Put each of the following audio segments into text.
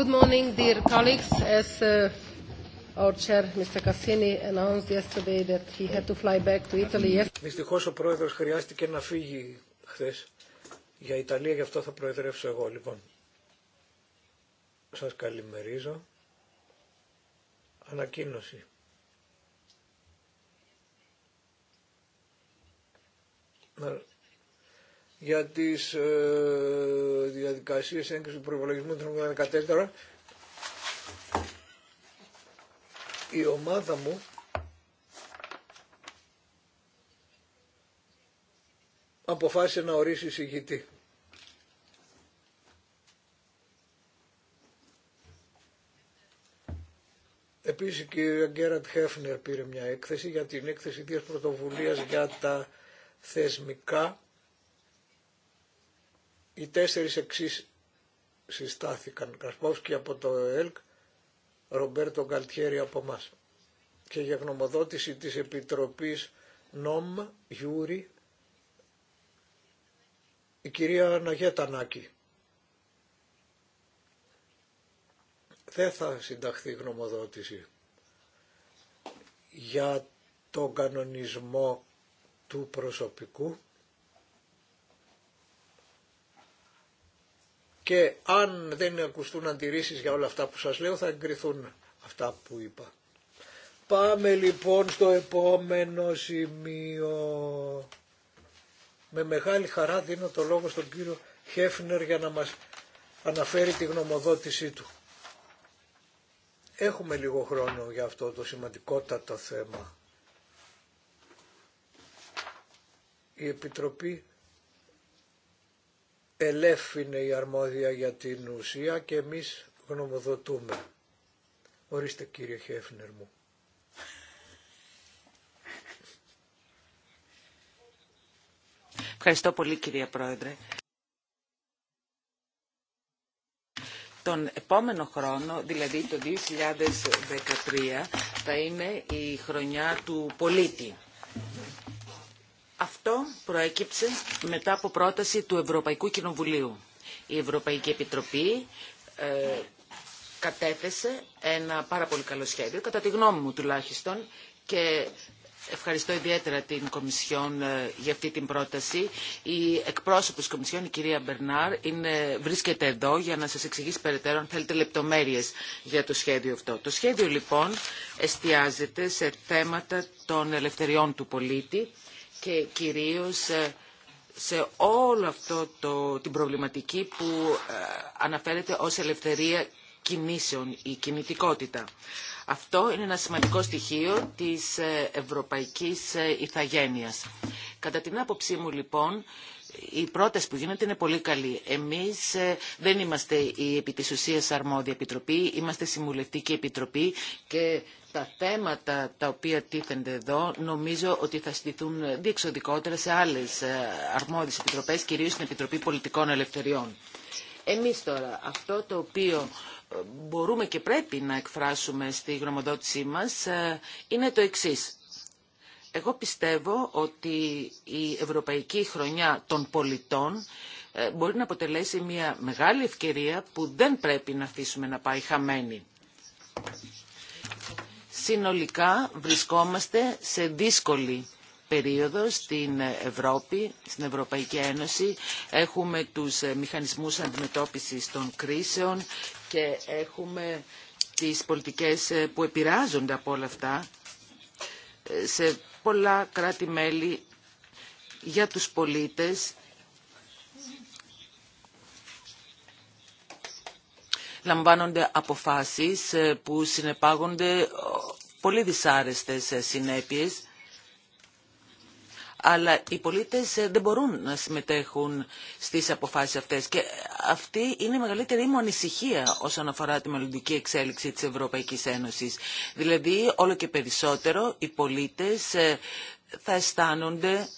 Good morning, dear colleagues. As uh, our chair, Mr. Cassini, announced yesterday that he had to fly back to Italy. Δυστυχώς ο πρόεδρος χρειάστηκε να φύγει χθες για Ιταλία, γι' αυτό θα προεδρεύσω εγώ λοιπόν. Σας καλημερίζω. Ανακοίνωση. Να για τις ε, διαδικασίες έγκρισης του προπολογισμού του 2014 η ομάδα μου αποφάσισε να ορίσει εισηγητή. Επίσης η κυρία Γκέραντ Χέφνερ πήρε μια έκθεση για την έκθεση της πρωτοβουλίας για τα θεσμικά οι τέσσερις εξής συστάθηκαν. Κασπόφσκι από το ΕΛΚ, Ρομπέρτο Γκαλτιέρη από εμά. Και για γνωμοδότηση της Επιτροπής ΝΟΜ, Γιούρι, η κυρία Αναγέτανάκη. Νάκη. Δεν θα συνταχθεί γνωμοδότηση για τον κανονισμό του προσωπικού και αν δεν ακουστούν αντιρρήσεις για όλα αυτά που σας λέω θα εγκριθούν αυτά που είπα. Πάμε λοιπόν στο επόμενο σημείο. Με μεγάλη χαρά δίνω το λόγο στον κύριο Χέφνερ για να μας αναφέρει τη γνωμοδότησή του. Έχουμε λίγο χρόνο για αυτό το σημαντικότατο θέμα. Η Επιτροπή ΕΛΕΦ η αρμόδια για την ουσία και εμείς γνωμοδοτούμε. Ορίστε κύριε Χέφνερ μου. Ευχαριστώ πολύ κυρία Πρόεδρε. Τον επόμενο χρόνο, δηλαδή το 2013, θα είναι η χρονιά του πολίτη. Αυτό προέκυψε μετά από πρόταση του Ευρωπαϊκού Κοινοβουλίου. Η Ευρωπαϊκή Επιτροπή ε, κατέθεσε ένα πάρα πολύ καλό σχέδιο, κατά τη γνώμη μου τουλάχιστον, και Ευχαριστώ ιδιαίτερα την Κομισιόν ε, για αυτή την πρόταση. Η εκπρόσωπος Κομισιόν, η κυρία Μπερνάρ, είναι, βρίσκεται εδώ για να σας εξηγήσει περαιτέρω αν θέλετε λεπτομέρειες για το σχέδιο αυτό. Το σχέδιο λοιπόν εστιάζεται σε θέματα των ελευθεριών του πολίτη, και κυρίως ε, σε όλο αυτό την προβληματική που ε, αναφέρεται ως ελευθερία κινήσεων, η κινητικότητα. Αυτό είναι ένα σημαντικό στοιχείο της ε, ευρωπαϊκής ηθαγένειας. Κατά την άποψή μου λοιπόν η πρόταση που γίνεται είναι πολύ καλή. Εμείς ε, δεν είμαστε η επί αρμόδια επιτροπή, είμαστε συμβουλευτική επιτροπή και τα θέματα τα οποία τίθενται εδώ νομίζω ότι θα στηθούν διεξοδικότερα σε άλλες ε, αρμόδιες επιτροπές, κυρίως στην Επιτροπή Πολιτικών Ελευθεριών. Εμείς τώρα αυτό το οποίο ε, μπορούμε και πρέπει να εκφράσουμε στη γνωμοδότησή μας είναι το εξή. Εγώ πιστεύω ότι η Ευρωπαϊκή Χρονιά των Πολιτών ε, μπορεί να αποτελέσει μια μεγάλη ευκαιρία που δεν πρέπει να αφήσουμε να πάει χαμένη. Συνολικά βρισκόμαστε σε δύσκολη περίοδο στην Ευρώπη, στην Ευρωπαϊκή Ένωση. Έχουμε τους ε, μηχανισμούς αντιμετώπισης των κρίσεων και έχουμε τις πολιτικές ε, που επηρεάζονται από όλα αυτά. Σε πολλά κράτη-μέλη για τους πολίτες λαμβάνονται αποφάσεις ε, που συνεπάγονται ε, πολύ δυσάρεστες ε, συνέπειες αλλά οι πολίτες ε, δεν μπορούν να συμμετέχουν στις αποφάσεις αυτές και αυτή είναι η μεγαλύτερη μου ανησυχία όσον αφορά τη μελλοντική εξέλιξη της Ευρωπαϊκής Ένωσης. Δηλαδή όλο και περισσότερο οι πολίτες ε, θα αισθάνονται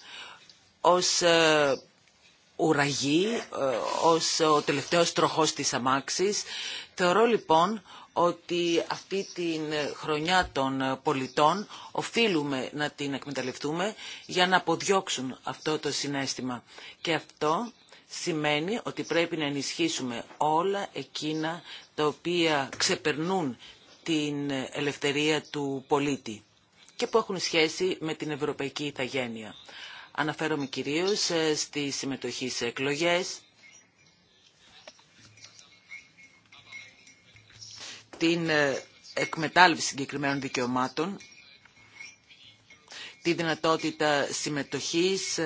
ως ε, ουραγή, ως ο τελευταίος τροχός της αμάξης. Θεωρώ λοιπόν ότι αυτή την χρονιά των πολιτών οφείλουμε να την εκμεταλλευτούμε για να αποδιώξουν αυτό το συνέστημα. Και αυτό σημαίνει ότι πρέπει να ενισχύσουμε όλα εκείνα τα οποία ξεπερνούν την ελευθερία του πολίτη και που έχουν σχέση με την ευρωπαϊκή ηθαγένεια. Αναφέρομαι κυρίως ε, στη συμμετοχή σε εκλογές, την ε, εκμετάλλευση συγκεκριμένων δικαιωμάτων, τη δυνατότητα συμμετοχής.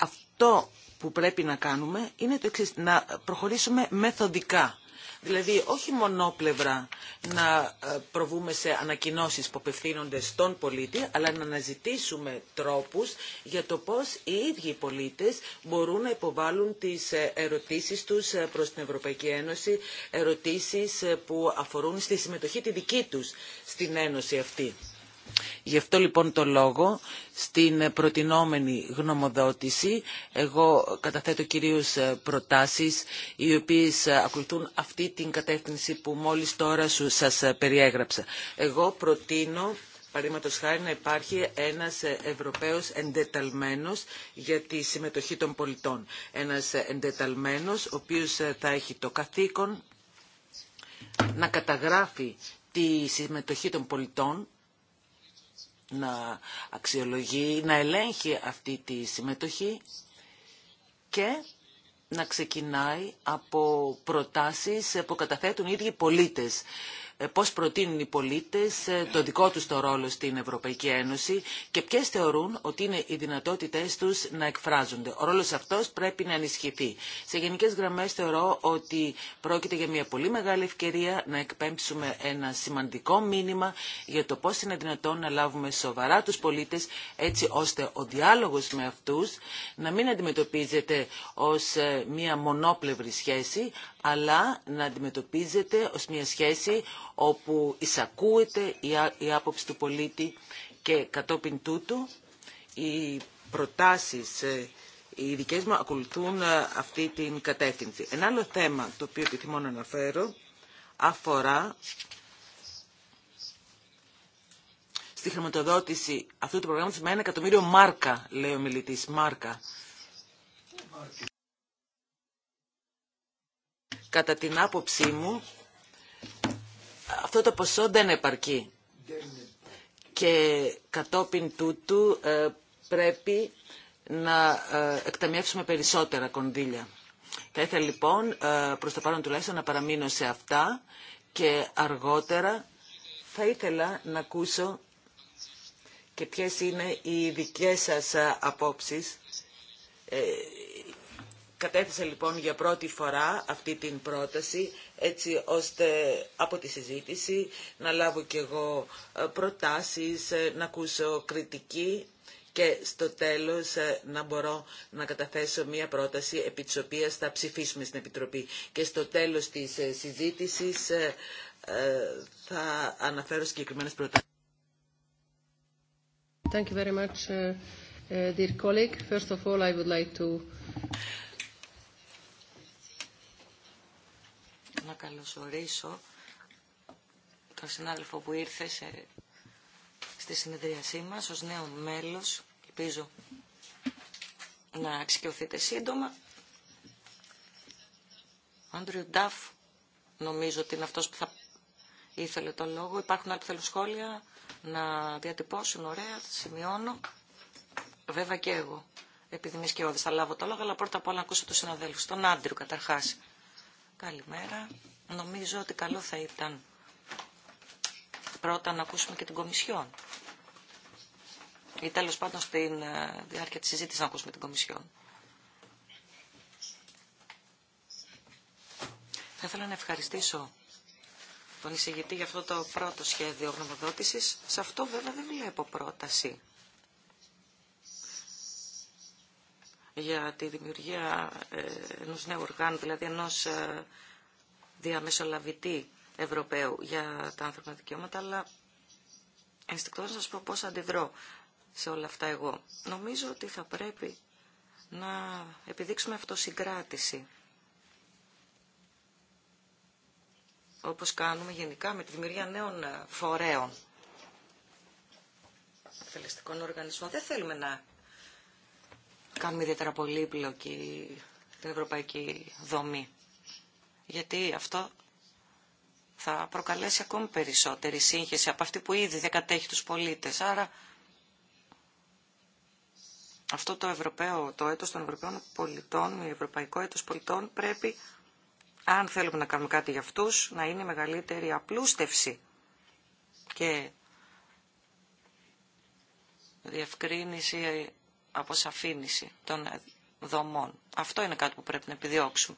Αυτό που πρέπει να κάνουμε είναι το εξής, να προχωρήσουμε μεθοδικά Δηλαδή όχι μονόπλευρα να ε, προβούμε σε ανακοινώσεις που απευθύνονται στον πολίτη, αλλά να αναζητήσουμε τρόπους για το πώς οι ίδιοι πολίτες μπορούν να υποβάλουν τις ε, ερωτήσεις τους ε, προς την Ευρωπαϊκή Ένωση, ερωτήσεις που αφορούν στη συμμετοχή τη δική τους στην Ένωση αυτή. Γι' αυτό λοιπόν το λόγο στην προτινόμενη γνωμοδότηση εγώ καταθέτω κυρίως ε, προτάσεις οι οποίες ε, ακολουθούν αυτή την κατεύθυνση που μόλις τώρα σας ε, περιέγραψα. Εγώ προτείνω Παραδείγματος χάρη να υπάρχει ένας Ευρωπαίος εντεταλμένος για τη συμμετοχή των πολιτών. Ένας εντεταλμένος ο οποίος θα έχει το καθήκον να καταγράφει τη συμμετοχή των πολιτών να αξιολογεί, να ελέγχει αυτή τη συμμετοχή και να ξεκινάει από προτάσεις που καταθέτουν οι ίδιοι πολίτες. Ε, πώς προτείνουν οι πολίτες ε, το δικό τους το ρόλο στην Ευρωπαϊκή Ένωση και ποιες θεωρούν ότι είναι οι δυνατότητές τους να εκφράζονται. Ο ρόλος αυτός πρέπει να ενισχυθεί. Σε γενικές γραμμές θεωρώ ότι πρόκειται για μια πολύ μεγάλη ευκαιρία να εκπέμψουμε ένα σημαντικό μήνυμα για το πώς είναι δυνατόν να λάβουμε σοβαρά τους πολίτες έτσι ώστε ο διάλογος με αυτούς να μην αντιμετωπίζεται ως ε, μια μονόπλευρη σχέση αλλά να αντιμετωπίζεται ως μια σχέση όπου εισακούεται η άποψη του πολίτη και κατόπιν τούτου οι προτάσεις ε, οι δικές μου ακολουθούν ε, αυτή την κατεύθυνση. Ένα άλλο θέμα το οποίο επιθυμώ να αναφέρω αφορά στη χρηματοδότηση αυτού του προγράμματος με ένα εκατομμύριο μάρκα, λέει ο μιλητής, μάρκα. Κατά την άποψή μου, αυτό το ποσό δεν επαρκεί. Και κατόπιν τούτου ε, πρέπει να ε, εκταμιεύσουμε περισσότερα κονδύλια. Θα ήθελα λοιπόν ε, προς το παρόν τουλάχιστον να παραμείνω σε αυτά και αργότερα θα ήθελα να ακούσω και ποιες είναι οι δικές σας απόψεις Κατέθεσα λοιπόν για πρώτη φορά αυτή την πρόταση έτσι ώστε από τη συζήτηση να λάβω και εγώ ε, προτάσεις, ε, να ακούσω κριτική και στο τέλος ε, να μπορώ να καταθέσω μία πρόταση επί της οποίας θα ψηφίσουμε στην Επιτροπή. Και στο τέλος της συζήτησης θα αναφέρω συγκεκριμένες προτάσεις. Thank you very much, dear colleague. να καλωσορίσω τον συνάδελφο που ήρθε σε, στη συνεδρίασή μας ως νέο μέλος. Ελπίζω να εξοικειωθείτε σύντομα. Ο Άντριου Ντάφ νομίζω ότι είναι αυτός που θα ήθελε τον λόγο. Υπάρχουν άλλοι που θέλουν σχόλια να διατυπώσουν. Ωραία, σημειώνω. Βέβαια και εγώ. Επειδή είμαι σκιώδης θα λάβω το λόγο, αλλά πρώτα απ' όλα να ακούσω τους συναδέλφους. Τον Άντριου καταρχάς. Καλημέρα. Νομίζω ότι καλό θα ήταν πρώτα να ακούσουμε και την Κομισιόν. Ή τέλος πάντων στην ε, διάρκεια της συζήτησης να ακούσουμε την Κομισιόν. Θα ήθελα να ευχαριστήσω τον εισηγητή για αυτό το πρώτο σχέδιο γνωμοδότησης. Σε αυτό βέβαια δεν βλέπω πρόταση για τη δημιουργία ε, ενός νέου οργάνου, δηλαδή ενός ε, διαμεσολαβητή Ευρωπαίου για τα άνθρωπα δικαιώματα, αλλά ενστικτό να σας πω πώς αντιδρώ σε όλα αυτά εγώ. Νομίζω ότι θα πρέπει να επιδείξουμε αυτοσυγκράτηση. Όπως κάνουμε γενικά με τη δημιουργία νέων ε, φορέων. Θελεστικών οργανισμών. Δεν θέλουμε να κάνουμε ιδιαίτερα πολύπλοκη την ευρωπαϊκή δομή. Γιατί αυτό θα προκαλέσει ακόμη περισσότερη σύγχυση από αυτή που ήδη δεν κατέχει τους πολίτες. Άρα αυτό το, Ευρωπαίο, το έτος των Ευρωπαίων πολιτών, το Ευρωπαϊκό έτος πολιτών πρέπει, αν θέλουμε να κάνουμε κάτι για αυτούς, να είναι μεγαλύτερη απλούστευση και διευκρίνηση αποσαφήνιση των δομών. Αυτό είναι κάτι που πρέπει να επιδιώξουμε.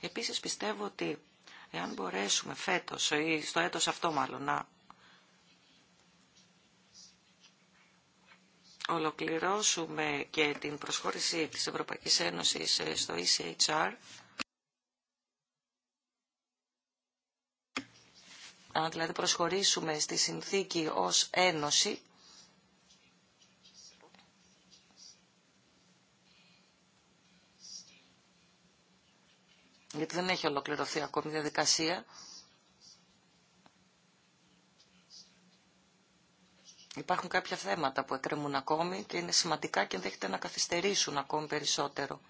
Επίσης πιστεύω ότι εάν μπορέσουμε φέτος ή στο έτος αυτό μάλλον να ολοκληρώσουμε και την προσχώρηση της Ευρωπαϊκής Ένωσης ε, στο ECHR, αν δηλαδή προσχωρήσουμε στη συνθήκη ως ένωση, γιατί δεν έχει ολοκληρωθεί ακόμη η διαδικασία. Υπάρχουν κάποια θέματα που εκκρεμούν ακόμη και είναι σημαντικά και ενδέχεται να καθυστερήσουν ακόμη περισσότερο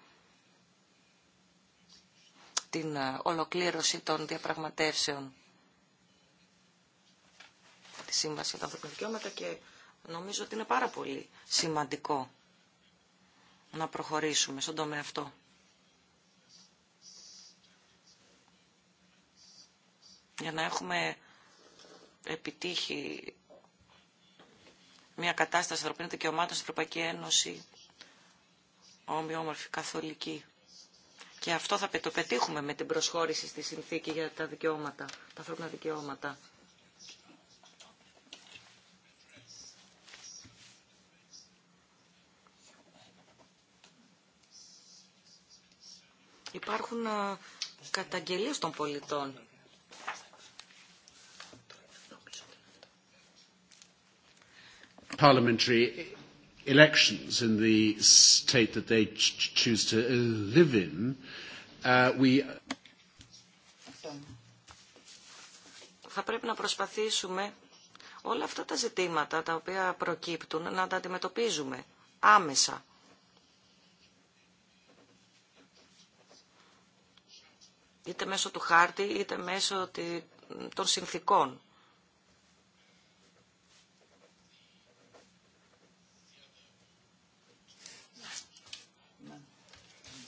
την ε, ολοκλήρωση των διαπραγματεύσεων τη Σύμβαση για τα Ανθρώπινα και νομίζω ότι είναι πάρα πολύ σημαντικό να προχωρήσουμε στον τομέα αυτό. για να έχουμε επιτύχει μια κατάσταση ανθρωπίνων δικαιωμάτων στην Ευρωπαϊκή Ένωση ομοιόμορφη, καθολική. Και αυτό θα το πετύχουμε με την προσχώρηση στη συνθήκη για τα δικαιώματα, τα ανθρώπινα δικαιώματα. Υπάρχουν ε, καταγγελίες των πολιτών parliamentary elections Θα πρέπει να προσπαθήσουμε όλα αυτά τα ζητήματα τα οποία προκύπτουν να τα αντιμετωπίζουμε άμεσα. Είτε μέσω του χάρτη, είτε μέσω των συνθήκων.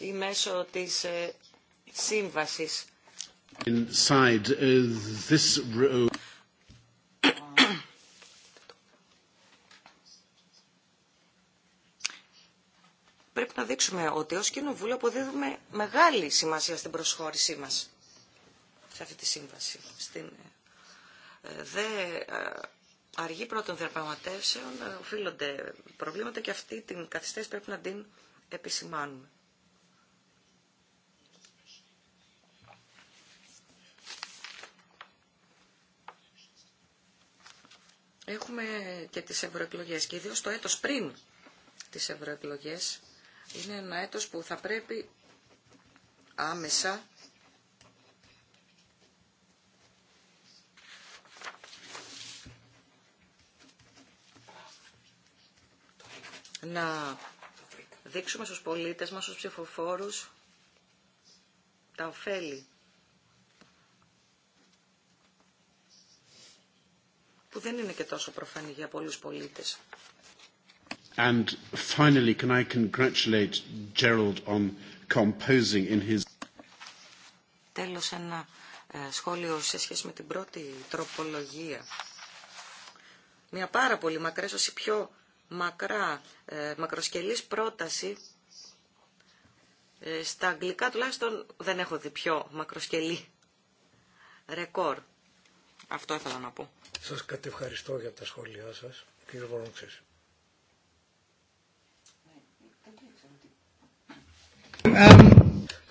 ή μέσω της ε, σύμβασης. Inside, uh, Πρέπει να δείξουμε ότι ως Κοινοβούλιο αποδίδουμε μεγάλη σημασία στην προσχώρησή μας σε αυτή τη σύμβαση. Στην ε, δε ε, αργή πρώτων διαπραγματεύσεων οφείλονται προβλήματα και αυτή την καθυστέρηση πρέπει να την επισημάνουμε. Έχουμε και τις ευρωεκλογέ και ιδίω το έτος πριν τις ευρωεκλογέ είναι ένα έτος που θα πρέπει άμεσα να δείξουμε στους πολίτες μας, στους ψηφοφόρους, τα ωφέλη που δεν είναι και τόσο προφανή για πολλούς πολίτες. And finally, can I congratulate Gerald on composing in his... Τέλος ένα ε, σχόλιο σε σχέση με την πρώτη τροπολογία. Μια πάρα πολύ μακρά, η πιο μακρά, ε, μακροσκελής πρόταση ε, στα αγγλικά τουλάχιστον δεν έχω δει πιο μακροσκελή ρεκόρ. Αυτό ήθελα να πω. Σας κατευχαριστώ για τα σχόλιά σας, κύριε Βορόντσε.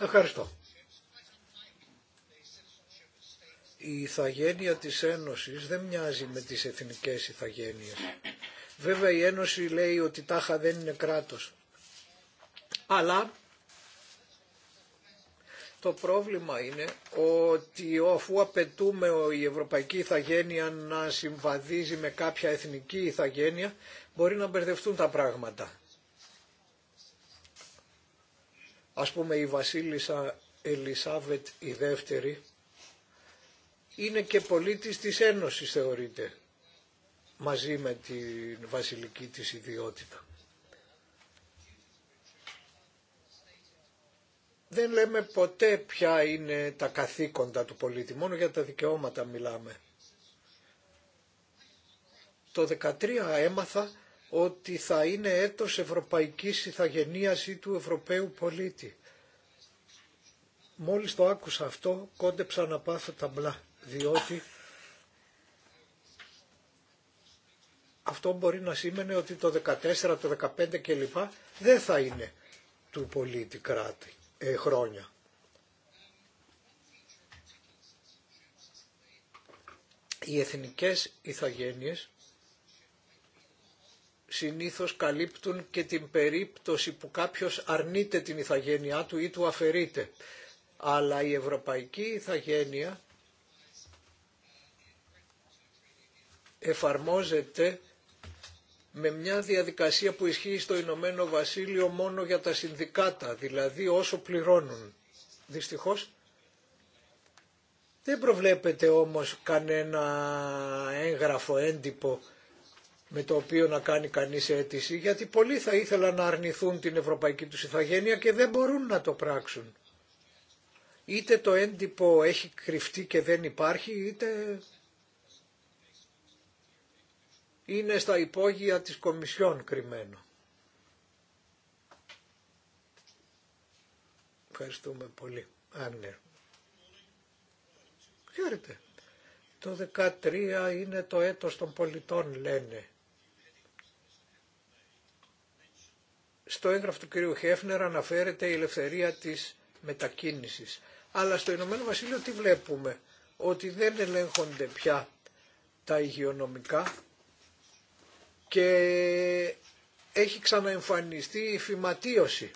Ευχαριστώ. Η ηθαγένεια της Ένωσης δεν μοιάζει με τις εθνικές ηθαγένειες. Βέβαια η Ένωση λέει ότι τάχα δεν είναι κράτος. Αλλά το πρόβλημα είναι ότι αφού απαιτούμε η ευρωπαϊκή ηθαγένεια να συμβαδίζει με κάποια εθνική ηθαγένεια, μπορεί να μπερδευτούν τα πράγματα. Ας πούμε η βασίλισσα Ελισάβετ η δεύτερη είναι και πολίτης της Ένωσης θεωρείται μαζί με τη βασιλική της ιδιότητα. δεν λέμε ποτέ ποια είναι τα καθήκοντα του πολίτη, μόνο για τα δικαιώματα μιλάμε. Το 13 έμαθα ότι θα είναι έτος ευρωπαϊκής ηθαγενείας ή του Ευρωπαίου πολίτη. Μόλις το άκουσα αυτό, κόντεψα να πάθω τα μπλά, διότι αυτό μπορεί να σήμαινε ότι το 14, το 15 κλπ. δεν θα είναι του πολίτη κράτη. Ε, χρόνια. Οι εθνικές ηθαγένειες συνήθως καλύπτουν και την περίπτωση που κάποιος αρνείται την ηθαγένειά του ή του αφαιρείται. Αλλά η ευρωπαϊκή ηθαγένεια εφαρμόζεται με μια διαδικασία που ισχύει στο Ηνωμένο Βασίλειο μόνο για τα συνδικάτα, δηλαδή όσο πληρώνουν. Δυστυχώς δεν προβλέπεται όμως κανένα έγγραφο έντυπο με το οποίο να κάνει κανείς αίτηση, γιατί πολλοί θα ήθελαν να αρνηθούν την ευρωπαϊκή τους ηθαγένεια και δεν μπορούν να το πράξουν. Είτε το έντυπο έχει κρυφτεί και δεν υπάρχει, είτε είναι στα υπόγεια της Κομισιόν κρυμμένο. Ευχαριστούμε πολύ. ναι. Χαίρετε. Το 13 είναι το έτος των πολιτών λένε. Στο έγγραφο του κυρίου Χέφνερ αναφέρεται η ελευθερία της μετακίνησης. Αλλά στο Ηνωμένο Βασίλειο τι βλέπουμε. Ότι δεν ελέγχονται πια τα υγειονομικά και έχει ξαναεμφανιστεί η φυματίωση.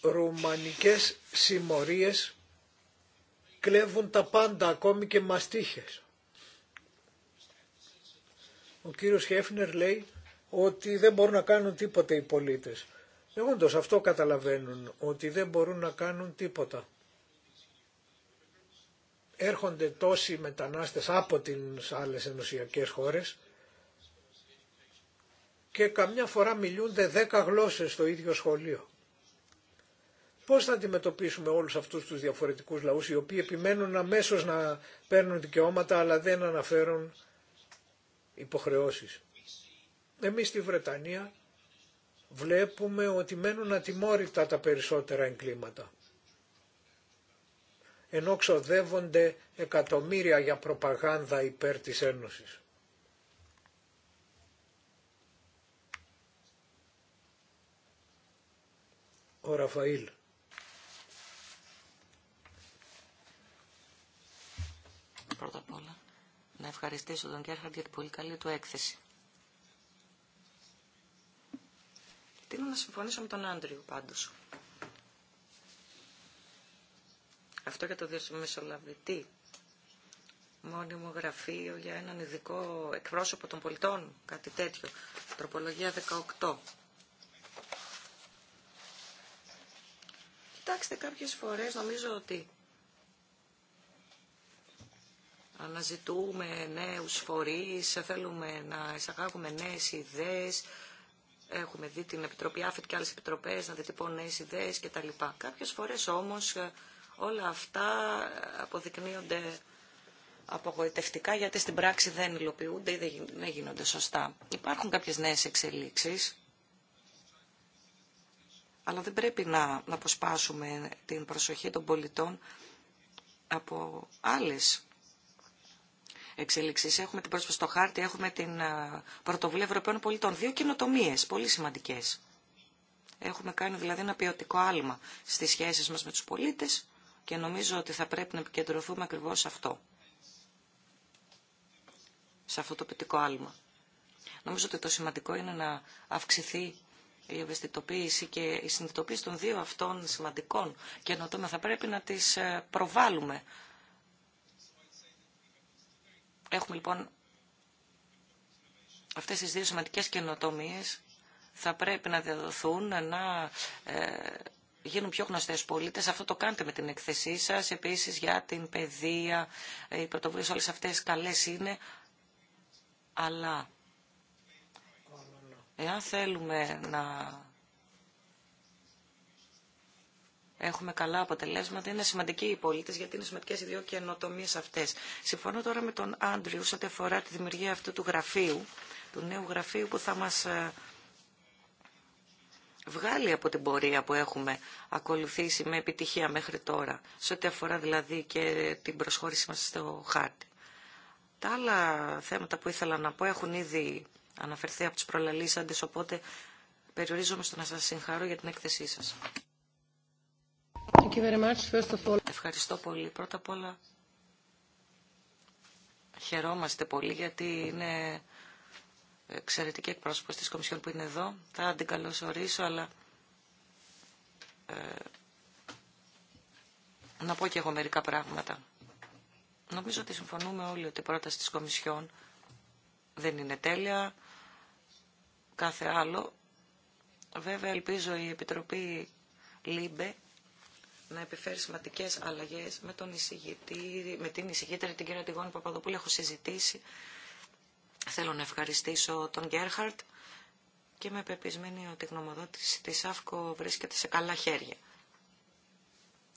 Ρουμανικές συμμορίες κλέβουν τα πάντα, ακόμη και μαστίχες. Ο κύριος Χέφνερ λέει ότι δεν μπορούν να κάνουν τίποτα οι πολίτες. Ε, όντως αυτό καταλαβαίνουν, ότι δεν μπορούν να κάνουν τίποτα. Έρχονται τόσοι μετανάστες από τις άλλες ενωσιακές χώρες και καμιά φορά μιλούνται δέκα γλώσσες στο ίδιο σχολείο. Πώς θα αντιμετωπίσουμε όλους αυτούς τους διαφορετικούς λαούς οι οποίοι επιμένουν αμέσω να παίρνουν δικαιώματα αλλά δεν αναφέρουν υποχρεώσεις. Εμείς στη Βρετανία βλέπουμε ότι μένουν ατιμόρυτα τα περισσότερα εγκλήματα. Ενώ ξοδεύονται εκατομμύρια για προπαγάνδα υπέρ της Ένωσης. ο Ραφαήλ. Πρώτα απ' όλα, να ευχαριστήσω τον Κέρχαρντ για την πολύ καλή του έκθεση. Τι να συμφωνήσω με τον Άντριου πάντως. Αυτό για το μεσολαβητή Μόνιμο γραφείο για έναν ειδικό εκπρόσωπο των πολιτών, κάτι τέτοιο. Τροπολογία 18. Κοιτάξτε, κάποιες φορές νομίζω ότι αναζητούμε νέους φορείς, θέλουμε να εισαγάγουμε νέες ιδέες, έχουμε δει την Επιτροπή Άφετ και άλλες επιτροπές να διατυπώνουν νέες ιδέες κτλ. Κάποιες φορές όμως ε, όλα αυτά αποδεικνύονται απογοητευτικά γιατί στην πράξη δεν υλοποιούνται ή δεν γίνονται σωστά. Υπάρχουν κάποιες νέες εξελίξεις αλλά δεν πρέπει να, να αποσπάσουμε την προσοχή των πολιτών από άλλες εξελίξεις. Έχουμε την πρόσφαση στο χάρτη, έχουμε την ε, πρωτοβουλία Ευρωπαίων πολιτών. Δύο καινοτομίε πολύ σημαντικές. Έχουμε κάνει δηλαδή ένα ποιοτικό άλμα στις σχέσεις μας με τους πολίτες και νομίζω ότι θα πρέπει να επικεντρωθούμε ακριβώς σε αυτό. Σε αυτό το ποιοτικό άλμα. Νομίζω ότι το σημαντικό είναι να αυξηθεί η ευαισθητοποίηση και η συνειδητοποίηση των δύο αυτών σημαντικών καινοτόμων θα πρέπει να τις ε, προβάλλουμε. Έχουμε λοιπόν αυτές τις δύο σημαντικές καινοτομίες θα πρέπει να διαδοθούν, να ε, γίνουν πιο γνωστέ πολίτες. Αυτό το κάνετε με την εκθεσή σα. Επίση για την παιδεία, οι πρωτοβουλίες, όλες αυτές καλέ είναι. Αλλά Εάν θέλουμε να έχουμε καλά αποτελέσματα, είναι σημαντικοί οι πολίτες γιατί είναι σημαντικές οι δύο καινοτομίες αυτές. Συμφωνώ τώρα με τον Άντριου σε ό,τι αφορά τη δημιουργία αυτού του γραφείου, του νέου γραφείου που θα μας ε, βγάλει από την πορεία που έχουμε ακολουθήσει με επιτυχία μέχρι τώρα, σε ό,τι αφορά δηλαδή και την προσχώρηση μας στο χάρτη. Τα άλλα θέματα που ήθελα να πω έχουν ήδη αναφερθεί από τους προλαλήσαντες, οπότε περιορίζομαι στο να σας συγχαρώ για την έκθεσή σας. Ευχαριστώ πολύ. Πρώτα απ' όλα χαιρόμαστε πολύ γιατί είναι εξαιρετική εκπρόσωπος της Κομισιόν που είναι εδώ. Θα την καλωσορίσω, αλλά ε, να πω και εγώ μερικά πράγματα. Νομίζω ότι συμφωνούμε όλοι ότι η πρόταση της Κομισιόν δεν είναι τέλεια, κάθε άλλο. Βέβαια ελπίζω η Επιτροπή ΛΥΜΠΕ να επιφέρει σημαντικέ αλλαγέ με, τον εισηγητή, με την εισηγήτρια την κυρία Τιγόνη Παπαδοπούλη. Έχω συζητήσει. Θέλω να ευχαριστήσω τον Γκέρχαρτ και είμαι πεπισμένη ότι η γνωμοδότηση τη ΑΦΚΟ βρίσκεται σε καλά χέρια.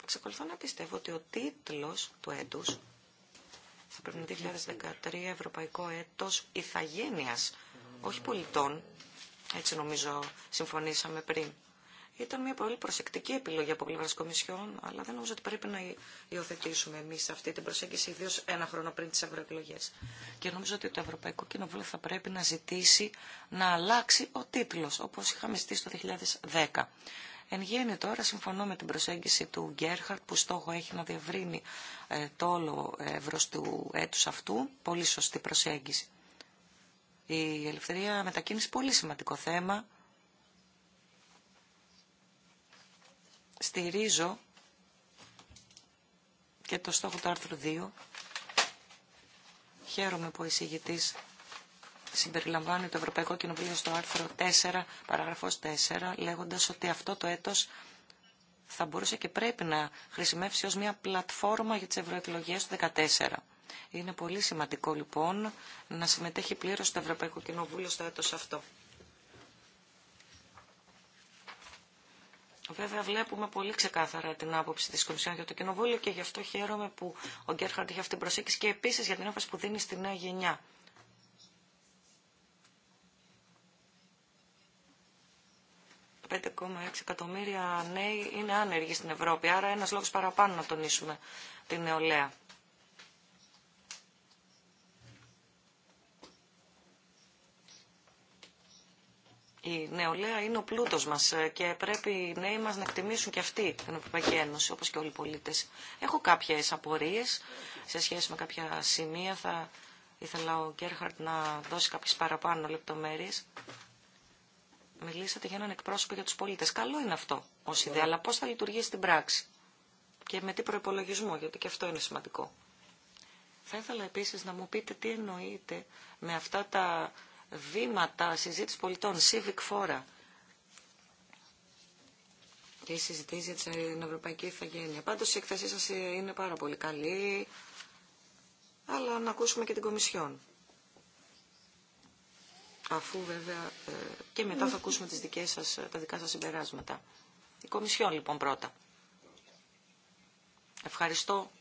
Ξεκολουθώ να πιστεύω ότι ο τίτλο του έτου, θα πρέπει να 2013 Ευρωπαϊκό Έτο Ιθαγένειας, όχι πολιτών, έτσι νομίζω συμφωνήσαμε πριν. Ήταν μια πολύ προσεκτική επιλογή από πλευρά Κομισιόν, αλλά δεν νομίζω ότι πρέπει να υιοθετήσουμε εμεί αυτή την προσέγγιση, ιδίω ένα χρόνο πριν τι ευρωεκλογέ. Και νομίζω ότι το Ευρωπαϊκό Κοινοβούλιο θα πρέπει να ζητήσει να αλλάξει ο τίτλο, όπω είχαμε ζητήσει το 2010. Εν γέννη τώρα συμφωνώ με την προσέγγιση του Γκέρχαρτ που στόχο έχει να διευρύνει ε, το όλο ευρω του έτου αυτού. Πολύ σωστή προσέγγιση. Η ελευθερία μετακίνηση πολύ σημαντικό θέμα. Στηρίζω και το στόχο του άρθρου 2. Χαίρομαι που ο εισηγητής συμπεριλαμβάνει το Ευρωπαϊκό Κοινοβούλιο στο άρθρο 4, παράγραφος 4, λέγοντας ότι αυτό το έτος θα μπορούσε και πρέπει να χρησιμεύσει ως μια πλατφόρμα για τις ευρωεκλογές του 2014. Είναι πολύ σημαντικό λοιπόν να συμμετέχει πλήρως το Ευρωπαϊκό Κοινοβούλιο στο έτος αυτό. Βέβαια βλέπουμε πολύ ξεκάθαρα την άποψη της Κομισιόν για το Κοινοβούλιο και γι' αυτό χαίρομαι που ο Γκέρχαρντ είχε αυτή την προσέγγιση και επίσης για την έμφαση που δίνει στη νέα γενιά. εκατομμύρια νέοι είναι άνεργοι στην Ευρώπη, άρα ένας λόγος παραπάνω να τονίσουμε την νεολαία. Η νεολαία είναι ο πλούτο μα και πρέπει οι νέοι μα να εκτιμήσουν και αυτοί την Ευρωπαϊκή Ένωση, όπω και όλοι οι πολίτε. Έχω κάποιε απορίε σε σχέση με κάποια σημεία. Θα ήθελα ο Γκέρχαρτ να δώσει κάποιε παραπάνω λεπτομέρειε. Μιλήσατε για έναν εκπρόσωπο για του πολίτε. Καλό είναι αυτό ω ιδέα, αλλά πώ θα λειτουργήσει στην πράξη και με τι προπολογισμό, γιατί και αυτό είναι σημαντικό. Θα ήθελα επίση να μου πείτε τι εννοείτε με αυτά τα βήματα συζήτηση πολιτών, civic fora και συζητήσει για την Ευρωπαϊκή Ιθαγένεια. Πάντως η εκθεσή σας είναι πάρα πολύ καλή, αλλά να ακούσουμε και την Κομισιόν. Αφού βέβαια ε, και μετά θα ακούσουμε τις δικές σας, τα δικά σας συμπεράσματα. Η Κομισιόν λοιπόν πρώτα. Ευχαριστώ.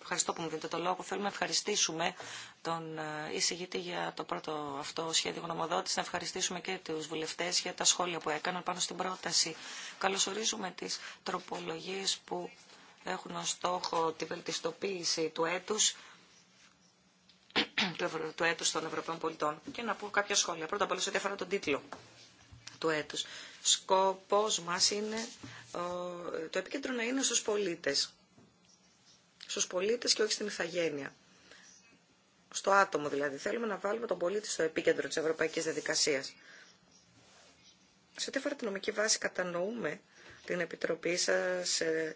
Ευχαριστώ που μου δίνετε το λόγο. Θέλουμε να ευχαριστήσουμε τον ε, εισηγητή για το πρώτο αυτό σχέδιο γνωμοδότηση. Να ευχαριστήσουμε και τους βουλευτές για τα σχόλια που έκαναν πάνω στην πρόταση. Καλωσορίζουμε τις τροπολογίες που έχουν ως στόχο τη βελτιστοποίηση του έτους του έτους των Ευρωπαίων πολιτών. Και να πω κάποια σχόλια. Πρώτα απ' όλα σε ό,τι αφορά τον τίτλο του έτους. Σκοπός μας είναι το επίκεντρο να είναι στους πολίτες. Στους πολίτες και όχι στην ηθαγένεια στο άτομο δηλαδή. Θέλουμε να βάλουμε τον πολίτη στο επίκεντρο της ευρωπαϊκής διαδικασίας. Σε ό,τι αφορά την νομική βάση κατανοούμε την Επιτροπή σας ε,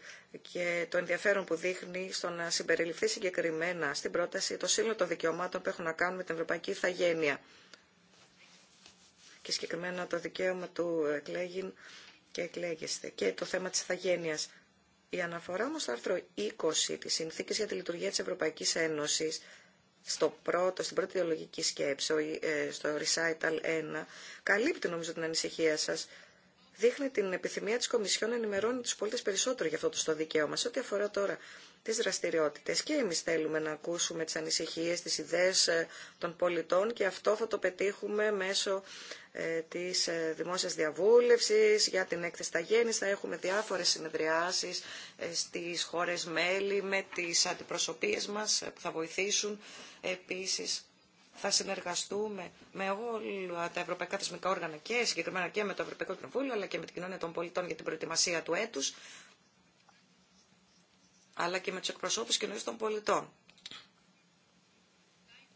και το ενδιαφέρον που δείχνει στο να συμπεριληφθεί συγκεκριμένα στην πρόταση το σύλλογο των δικαιωμάτων που έχουν να κάνουν με την Ευρωπαϊκή Ιθαγένεια και συγκεκριμένα το δικαίωμα του εκλέγην και εκλέγεστε και το θέμα της Ιθαγένειας. Η αναφορά όμως στο άρθρο 20 της Συνθήκης για τη Λειτουργία της Ευρωπαϊκής Ένωσης στο πρώτο, στην πρώτη ιδεολογική σκέψη, ε, στο recital 1, καλύπτει νομίζω την ανησυχία σας. Δείχνει την επιθυμία της Κομισιόν να ενημερώνει τους πολίτες περισσότερο για αυτό το στο δικαίωμα. Σε ό,τι αφορά τώρα τις δραστηριότητες και εμείς θέλουμε να ακούσουμε τις ανησυχίες, τις ιδέες ε, των πολιτών και αυτό θα το πετύχουμε μέσω ε, της ε, δημόσιας διαβούλευσης για την έκθεση στα γέννης. Θα έχουμε διάφορες συνεδριάσεις ε, στις χώρες μέλη με τις αντιπροσωπείες μας που θα βοηθήσουν. Επίσης θα συνεργαστούμε με όλα τα ευρωπαϊκά θεσμικά όργανα και συγκεκριμένα και με το Ευρωπαϊκό Κοινοβούλιο αλλά και με την κοινωνία των πολιτών για την προετοιμασία του έτους αλλά και με τους εκπροσώπους κοινωνίας των πολιτών.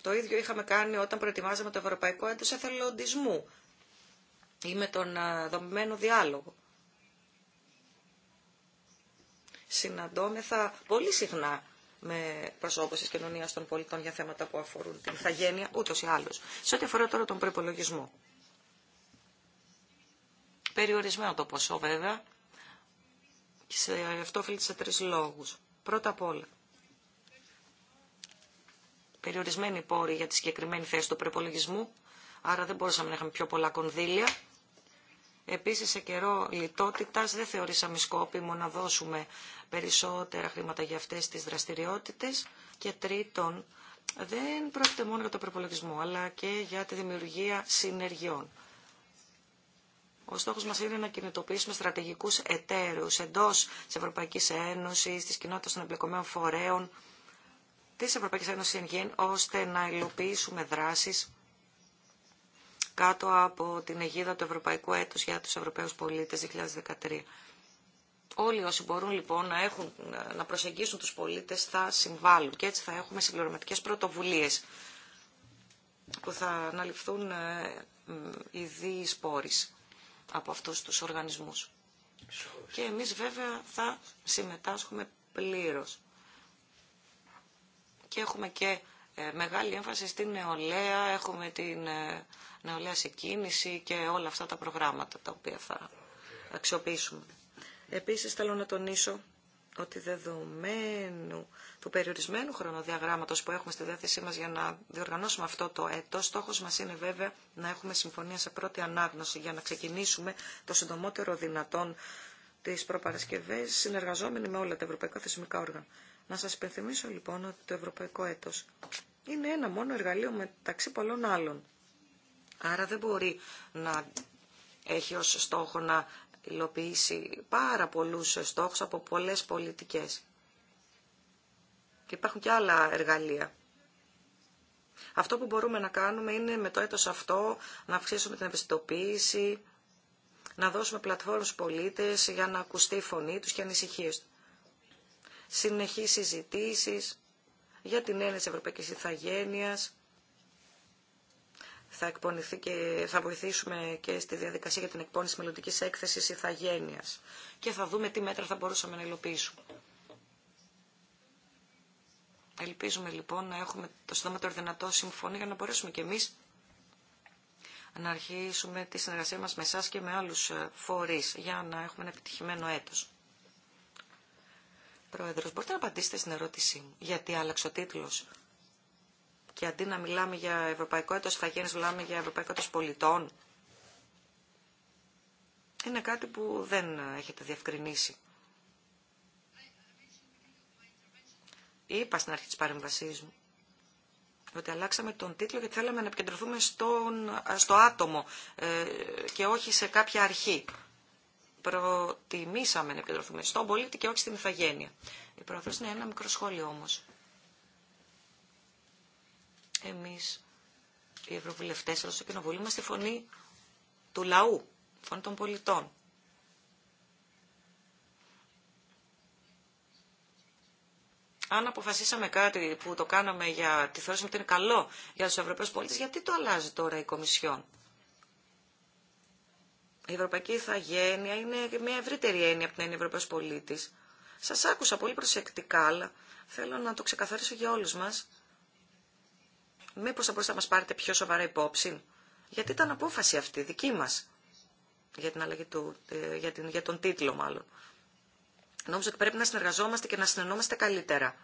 Το ίδιο είχαμε κάνει όταν προετοιμάζαμε το Ευρωπαϊκό Έντος Εθελοντισμού ή με τον δομημένο διάλογο. Συναντώμεθα πολύ συχνά με προσώπου τη κοινωνία των πολιτών για θέματα που αφορούν την ηθαγένεια, ούτω ή άλλω. Σε ό,τι αφορά τώρα τον προπολογισμό. Περιορισμένο το ποσό βέβαια και σε αυτό οφείλεται σε τρει λόγου. Πρώτα απ' όλα, περιορισμένοι πόροι για τη συγκεκριμένη θέση του προπολογισμού, άρα δεν μπορούσαμε να είχαμε πιο πολλά κονδύλια Επίσης, σε καιρό λιτότητας δεν θεωρήσαμε σκόπιμο να δώσουμε περισσότερα χρήματα για αυτές τις δραστηριότητες. Και τρίτον, δεν πρόκειται μόνο για το προπολογισμό, αλλά και για τη δημιουργία συνεργειών. Ο στόχος μας είναι να κινητοποιήσουμε στρατηγικούς εταίρους εντός της Ευρωπαϊκής Ένωσης, της κοινότητας των εμπλεκομένων φορέων, της Ευρωπαϊκής Ένωσης εν ώστε να υλοποιήσουμε δράσεις κάτω από την αιγίδα του Ευρωπαϊκού Έτους για τους Ευρωπαίους Πολίτες 2013. Όλοι όσοι μπορούν λοιπόν να, έχουν, να προσεγγίσουν τους πολίτες θα συμβάλλουν και έτσι θα έχουμε συμπληρωματικές πρωτοβουλίες που θα αναλυφθούν ε, δύο σπόρες από αυτούς τους οργανισμούς. Και εμείς βέβαια θα συμμετάσχουμε πλήρως. Και έχουμε και ε, μεγάλη έμφαση στην νεολαία, έχουμε την ε, νεολαία σε κίνηση και όλα αυτά τα προγράμματα τα οποία θα αξιοποιήσουμε. Επίσης θέλω να τονίσω ότι δεδομένου του περιορισμένου χρονοδιαγράμματος που έχουμε στη διάθεσή μας για να διοργανώσουμε αυτό το έτος, στόχος μας είναι βέβαια να έχουμε συμφωνία σε πρώτη ανάγνωση για να ξεκινήσουμε το συντομότερο δυνατόν τις προπαρασκευές συνεργαζόμενοι με όλα τα ευρωπαϊκά θεσμικά όργανα. Να σας υπενθυμίσω λοιπόν ότι το ευρωπαϊκό έτος είναι ένα μόνο εργαλείο μεταξύ πολλών άλλων. Άρα δεν μπορεί να έχει ως στόχο να υλοποιήσει πάρα πολλούς στόχους από πολλές πολιτικές. Και υπάρχουν και άλλα εργαλεία. Αυτό που μπορούμε να κάνουμε είναι με το έτος αυτό να αυξήσουμε την ευαισθητοποίηση, να δώσουμε πλατφόρμα στους πολίτες για να ακουστεί η φωνή τους και ανησυχίες τους συνεχείς συζητήσει για την έννοια τη Ευρωπαϊκής Ιθαγένειας. Θα, και, θα βοηθήσουμε και στη διαδικασία για την εκπόνηση μελλοντική έκθεσης Ιθαγένειας και θα δούμε τι μέτρα θα μπορούσαμε να υλοποιήσουμε. Ελπίζουμε λοιπόν να έχουμε το το δυνατό συμφώνη για να μπορέσουμε και εμείς να αρχίσουμε τη συνεργασία μας με εσά και με άλλους ε, φορείς για να έχουμε ένα επιτυχημένο έτος. Πρόεδρος, μπορείτε να απαντήσετε στην ερώτησή μου. Γιατί άλλαξε ο τίτλος. Και αντί να μιλάμε για Ευρωπαϊκό Έτος Φαγένες, μιλάμε για Ευρωπαϊκό Έτος Πολιτών. Είναι κάτι που δεν έχετε διευκρινίσει. Είπα στην αρχή της παρεμβασής μου ότι αλλάξαμε τον τίτλο γιατί θέλαμε να επικεντρωθούμε στον, στο άτομο ε, και όχι σε κάποια αρχή προτιμήσαμε να επικεντρωθούμε στον πολίτη και όχι στην ηθαγένεια. Η πρόεδρος είναι ένα μικρό σχόλιο όμως. Εμείς, οι ευρωβουλευτές, αλλά στο κοινοβούλιο, είμαστε φωνή του λαού, φωνή των πολιτών. αν αποφασίσαμε κάτι που το κάναμε για τη θεώρηση ότι είναι καλό για τους Ευρωπαίους πολίτες, γιατί το αλλάζει τώρα η Κομισιόν. Η ευρωπαϊκή ηθαγένεια είναι μια ευρύτερη έννοια από την έννοια Ευρωπαίος πολίτης. Σας άκουσα πολύ προσεκτικά, αλλά θέλω να το ξεκαθαρίσω για όλους μας. Μήπως θα μπορούσατε να μας πάρετε πιο σοβαρά υπόψη. Γιατί ήταν απόφαση αυτή, δική μας, για, την αλλαγή ε, για, την, για τον τίτλο μάλλον. Νόμιζα ότι πρέπει να συνεργαζόμαστε και να συνεννόμαστε καλύτερα.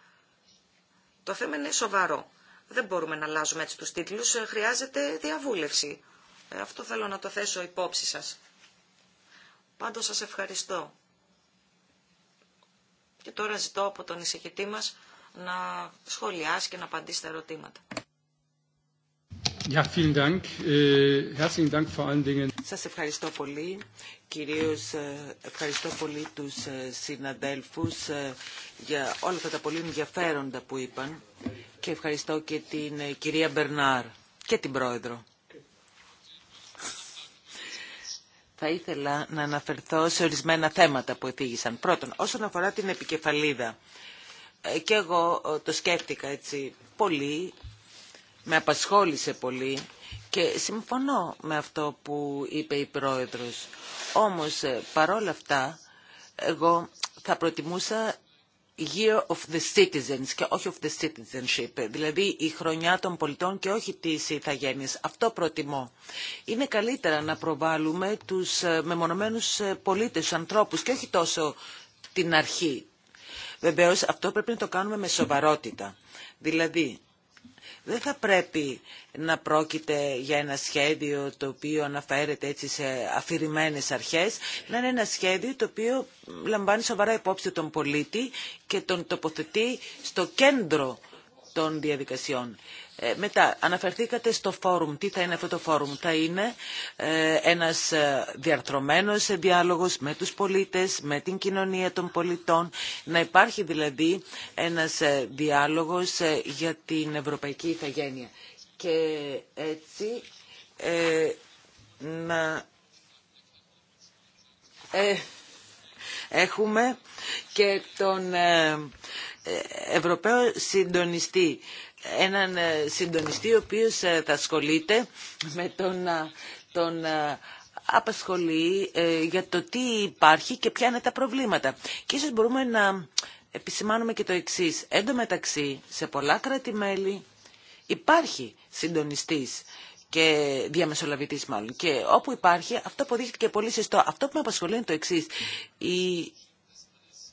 Το θέμα είναι σοβαρό. Δεν μπορούμε να αλλάζουμε έτσι τους τίτλους, χρειάζεται διαβούλευση. Ε, αυτό θέλω να το θέσω υπόψη σας. Πάντως σας ευχαριστώ. Και τώρα ζητώ από τον εισηγητή μας να σχολιάσει και να απαντήσει τα ερωτήματα. Äh, σας ευχαριστώ πολύ. Κυρίως ε, ευχαριστώ πολύ τους ε, συναδέλφους ε, για όλα αυτά τα πολύ ενδιαφέροντα που είπαν και ευχαριστώ και την κυρία Μπερνάρ και την πρόεδρο. θα ήθελα να αναφερθώ σε ορισμένα θέματα που εφήγησαν. Πρώτον, όσον αφορά την επικεφαλίδα. Ε, και εγώ ε, το σκέφτηκα έτσι πολύ, με απασχόλησε πολύ και συμφωνώ με αυτό που είπε η Πρόεδρος. Όμως, ε, παρόλα αυτά, εγώ θα προτιμούσα Year of the Citizens και όχι of the Citizenship, δηλαδή η χρονιά των πολιτών και όχι της ηθαγένειας. Αυτό προτιμώ. Είναι καλύτερα να προβάλλουμε τους ε, μεμονωμένους ε, πολίτες, τους ανθρώπους και όχι τόσο την αρχή. Βεβαίως αυτό πρέπει να το κάνουμε με σοβαρότητα. Δηλαδή δεν θα πρέπει να πρόκειται για ένα σχέδιο το οποίο αναφέρεται έτσι σε αφηρημένες αρχές, να είναι ένα σχέδιο το οποίο λαμβάνει σοβαρά υπόψη τον πολίτη και τον τοποθετεί στο κέντρο των διαδικασιών. Ε, μετά, αναφερθήκατε στο φόρουμ. Τι θα είναι αυτό το φόρουμ. Θα είναι ε, ένας ε, διαρθρωμένος διάλογος με τους πολίτες, με την κοινωνία των πολιτών. Να υπάρχει δηλαδή ένας ε, διάλογος για την ευρωπαϊκή ηθαγένεια. Και έτσι να... Έχουμε και τον Ευρωπαίο Συντονιστή έναν ε, συντονιστή ο οποίος ε, θα ασχολείται με τον, ε, τον απασχολεί για το τι υπάρχει και ποια είναι τα προβλήματα. Και ίσως μπορούμε να επισημάνουμε και το εξής. Εν τω μεταξύ, σε πολλά κράτη-μέλη υπάρχει συντονιστής και διαμεσολαβητής μάλλον. Και όπου υπάρχει, αυτό και πολύ σωστό. Αυτό που με απασχολεί είναι το εξής. Η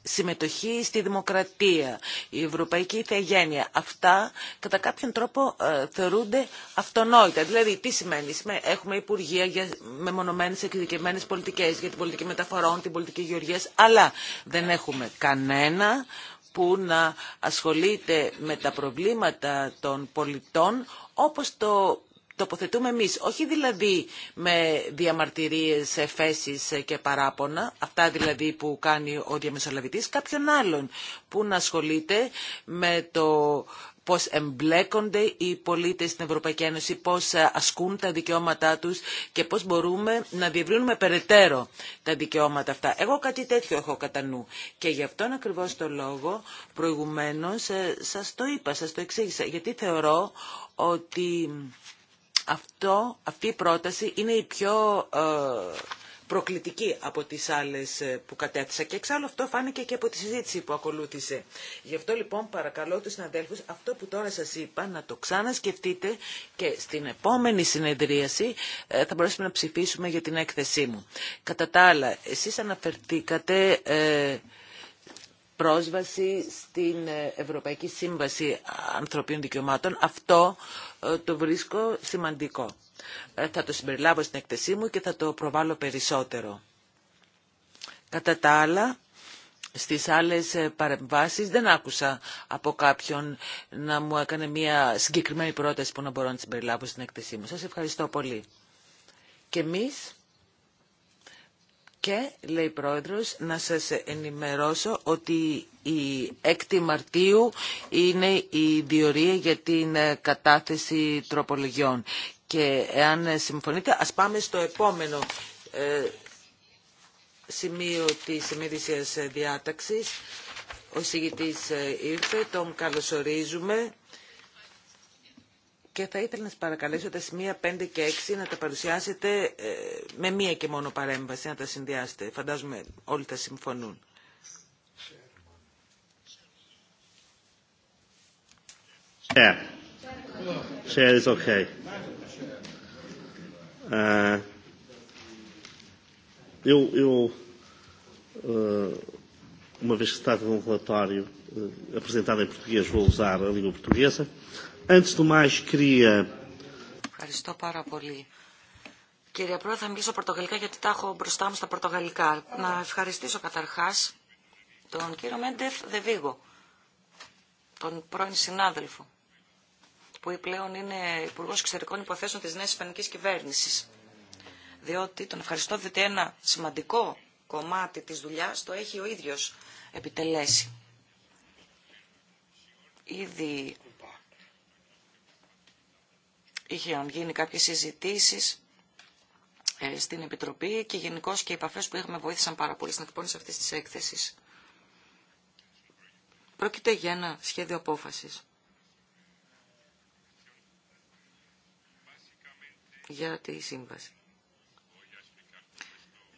συμμετοχή στη δημοκρατία, η ευρωπαϊκή ηθαγένεια, αυτά κατά κάποιον τρόπο ε, θεωρούνται αυτονόητα. Δηλαδή, τι σημαίνει, έχουμε υπουργεία για μονομένε εκδικευμένε πολιτικέ για την πολιτική μεταφορών, την πολιτική γεωργία, αλλά δεν έχουμε κανένα που να ασχολείται με τα προβλήματα των πολιτών όπως το τοποθετούμε εμείς, όχι δηλαδή με διαμαρτυρίες, εφέσεις και παράπονα, αυτά δηλαδή που κάνει ο διαμεσολαβητής, κάποιον άλλον που να ασχολείται με το πώς εμπλέκονται οι πολίτες στην Ευρωπαϊκή Ένωση, πώς ασκούν τα δικαιώματά τους και πώς μπορούμε να διευρύνουμε περαιτέρω τα δικαιώματα αυτά. Εγώ κάτι τέτοιο έχω κατά νου. Και γι' αυτόν ακριβώς το λόγο προηγουμένως ε, σας το είπα, σας το εξήγησα, γιατί θεωρώ ότι αυτό, αυτή η πρόταση είναι η πιο ε, προκλητική από τις άλλες ε, που κατέθεσα και εξάλλου αυτό φάνηκε και από τη συζήτηση που ακολούθησε. Γι' αυτό λοιπόν παρακαλώ τους συναδέλφους αυτό που τώρα σας είπα να το ξανασκεφτείτε και στην επόμενη συνεδρίαση ε, θα μπορέσουμε να ψηφίσουμε για την έκθεσή μου. Κατά τα άλλα, εσείς αναφερθήκατε πρόσβαση στην ε, Ευρωπαϊκή Σύμβαση Ανθρωπίνων Δικαιωμάτων. Αυτό ε, το βρίσκω σημαντικό. Ε, θα το συμπεριλάβω στην εκθεσή μου και θα το προβάλλω περισσότερο. Κατά τα άλλα, στις άλλες παρεμβάσεις δεν άκουσα από κάποιον να μου έκανε μια συγκεκριμένη πρόταση που να μπορώ να συμπεριλάβω στην εκθεσή μου. Σας ευχαριστώ πολύ. Και εμείς και, λέει η Πρόεδρος, να σας ενημερώσω ότι η 6η Μαρτίου είναι η διορία για την ε, κατάθεση τροπολογιών. Και εάν ε, συμφωνείτε, ας πάμε στο επόμενο ε, σημείο της ημερήσιας διάταξης. Ο συγητής ήρθε, τον καλωσορίζουμε και θα ήθελα να σας παρακαλέσω τα σημεία 5 και 6 να τα παρουσιάσετε ε, με μία και μόνο παρέμβαση, να τα συνδυάσετε. Φαντάζομαι όλοι θα συμφωνούν. Yeah. Share is okay. Uh, eu, eu uh, uma vez que se trata de um relatório uh, apresentado em português, vou usar a língua portuguesa. Uh, Ευχαριστώ πάρα πολύ. Κύριε Πρόεδρε, θα μιλήσω πορτογαλικά γιατί τα έχω μπροστά μου στα πορτογαλικά. Να ευχαριστήσω καταρχάς τον κύριο Μέντεφ Δεβίγο, τον πρώην συνάδελφο, που πλέον είναι Υπουργός Εξωτερικών Υποθέσεων της Νέας Ισπανικής Κυβέρνησης. Διότι τον ευχαριστώ διότι ένα σημαντικό κομμάτι τη δουλειά το έχει ο ίδιο επιτελέσει. Ήδη είχαν γίνει κάποιες συζητήσεις ε, στην Επιτροπή και γενικώ και οι επαφές που είχαμε βοήθησαν πάρα πολύ στην εκπόνηση αυτής της έκθεσης. Πρόκειται για ένα σχέδιο απόφασης. για τη σύμβαση.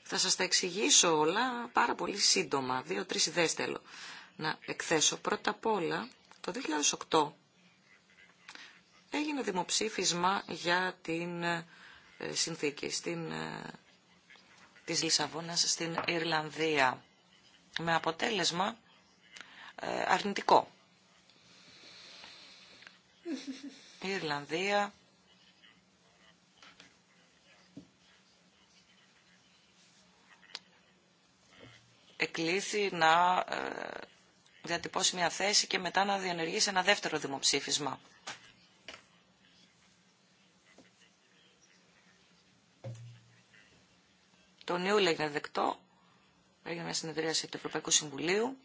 Θα σας τα εξηγήσω όλα πάρα πολύ σύντομα. Δύο-τρεις ιδέες θέλω να εκθέσω. Πρώτα απ' όλα, το 2008 έγινε δημοψήφισμα για την ε, συνθήκη στην, ε, της Λισαβόνας στην Ιρλανδία με αποτέλεσμα ε, αρνητικό. Η Ιρλανδία εκλήθη να διατυπώσει μια θέση και μετά να διενεργήσει ένα δεύτερο δημοψήφισμα. Τον Ιούλιο έγινε δεκτό, έγινε μια συνεδρίαση του Ευρωπαϊκού Συμβουλίου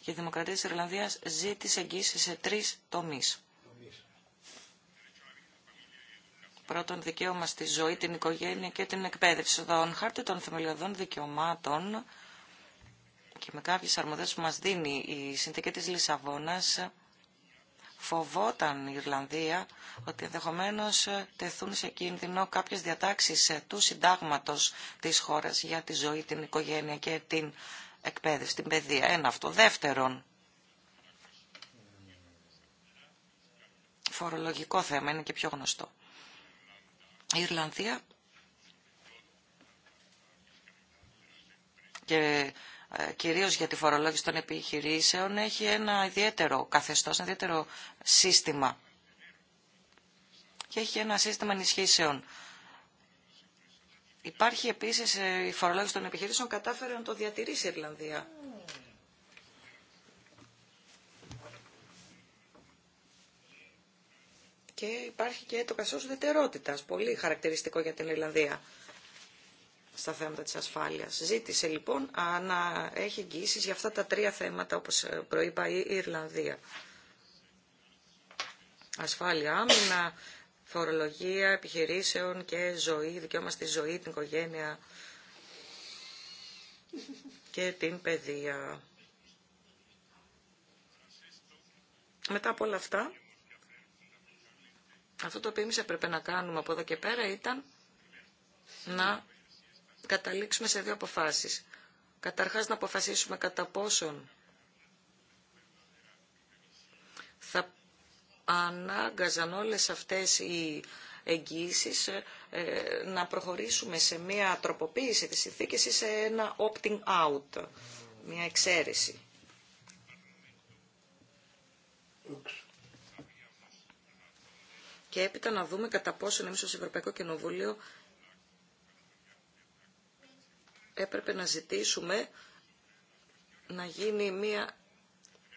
και η Δημοκρατία της Ιρλανδίας ζήτησε εγγύηση σε τρεις τομείς. Πρώτον, δικαίωμα στη ζωή, την οικογένεια και την εκπαίδευση. των χάρτη των θεμελιωδών δικαιωμάτων και με κάποιες αρμοδές που μας δίνει η συνθήκη της Λισαβόνας φοβόταν η Ιρλανδία ότι ενδεχομένω ε, τεθούν σε κίνδυνο κάποιες διατάξεις ε, του συντάγματος της χώρας για τη ζωή, την οικογένεια και την εκπαίδευση, την παιδεία. Ένα αυτό. Δεύτερον, φορολογικό θέμα, είναι και πιο γνωστό. Η Ιρλανδία και ε, κυρίως για τη φορολόγηση των επιχειρήσεων, έχει ένα ιδιαίτερο καθεστώς, ένα ιδιαίτερο σύστημα. Και έχει ένα σύστημα ενισχύσεων. Υπάρχει επίσης ε, η φορολόγηση των επιχειρήσεων, κατάφερε να το διατηρήσει η Ιρλανδία. Και υπάρχει και το καθεστώς ουδετερότητας, πολύ χαρακτηριστικό για την Ιρλανδία στα θέματα της ασφάλειας. Ζήτησε λοιπόν να έχει εγγυήσει για αυτά τα τρία θέματα όπως ε, προείπα η Ιρλανδία. Ασφάλεια, άμυνα, φορολογία επιχειρήσεων και ζωή, δικαίωμα στη ζωή, την οικογένεια και την παιδεία. Μετά από όλα αυτά, αυτό το οποίο εμείς έπρεπε να κάνουμε από εδώ και πέρα ήταν να καταλήξουμε σε δύο αποφάσεις. Καταρχάς να αποφασίσουμε κατά πόσον θα ανάγκαζαν όλες αυτές οι εγγύησεις ε, ε, να προχωρήσουμε σε μια τροποποίηση της συνθήκης ή σε ένα opting out, μια εξαίρεση. Και έπειτα να δούμε κατά πόσο εμείς ως Ευρωπαϊκό Κοινοβούλιο έπρεπε να ζητήσουμε να γίνει μία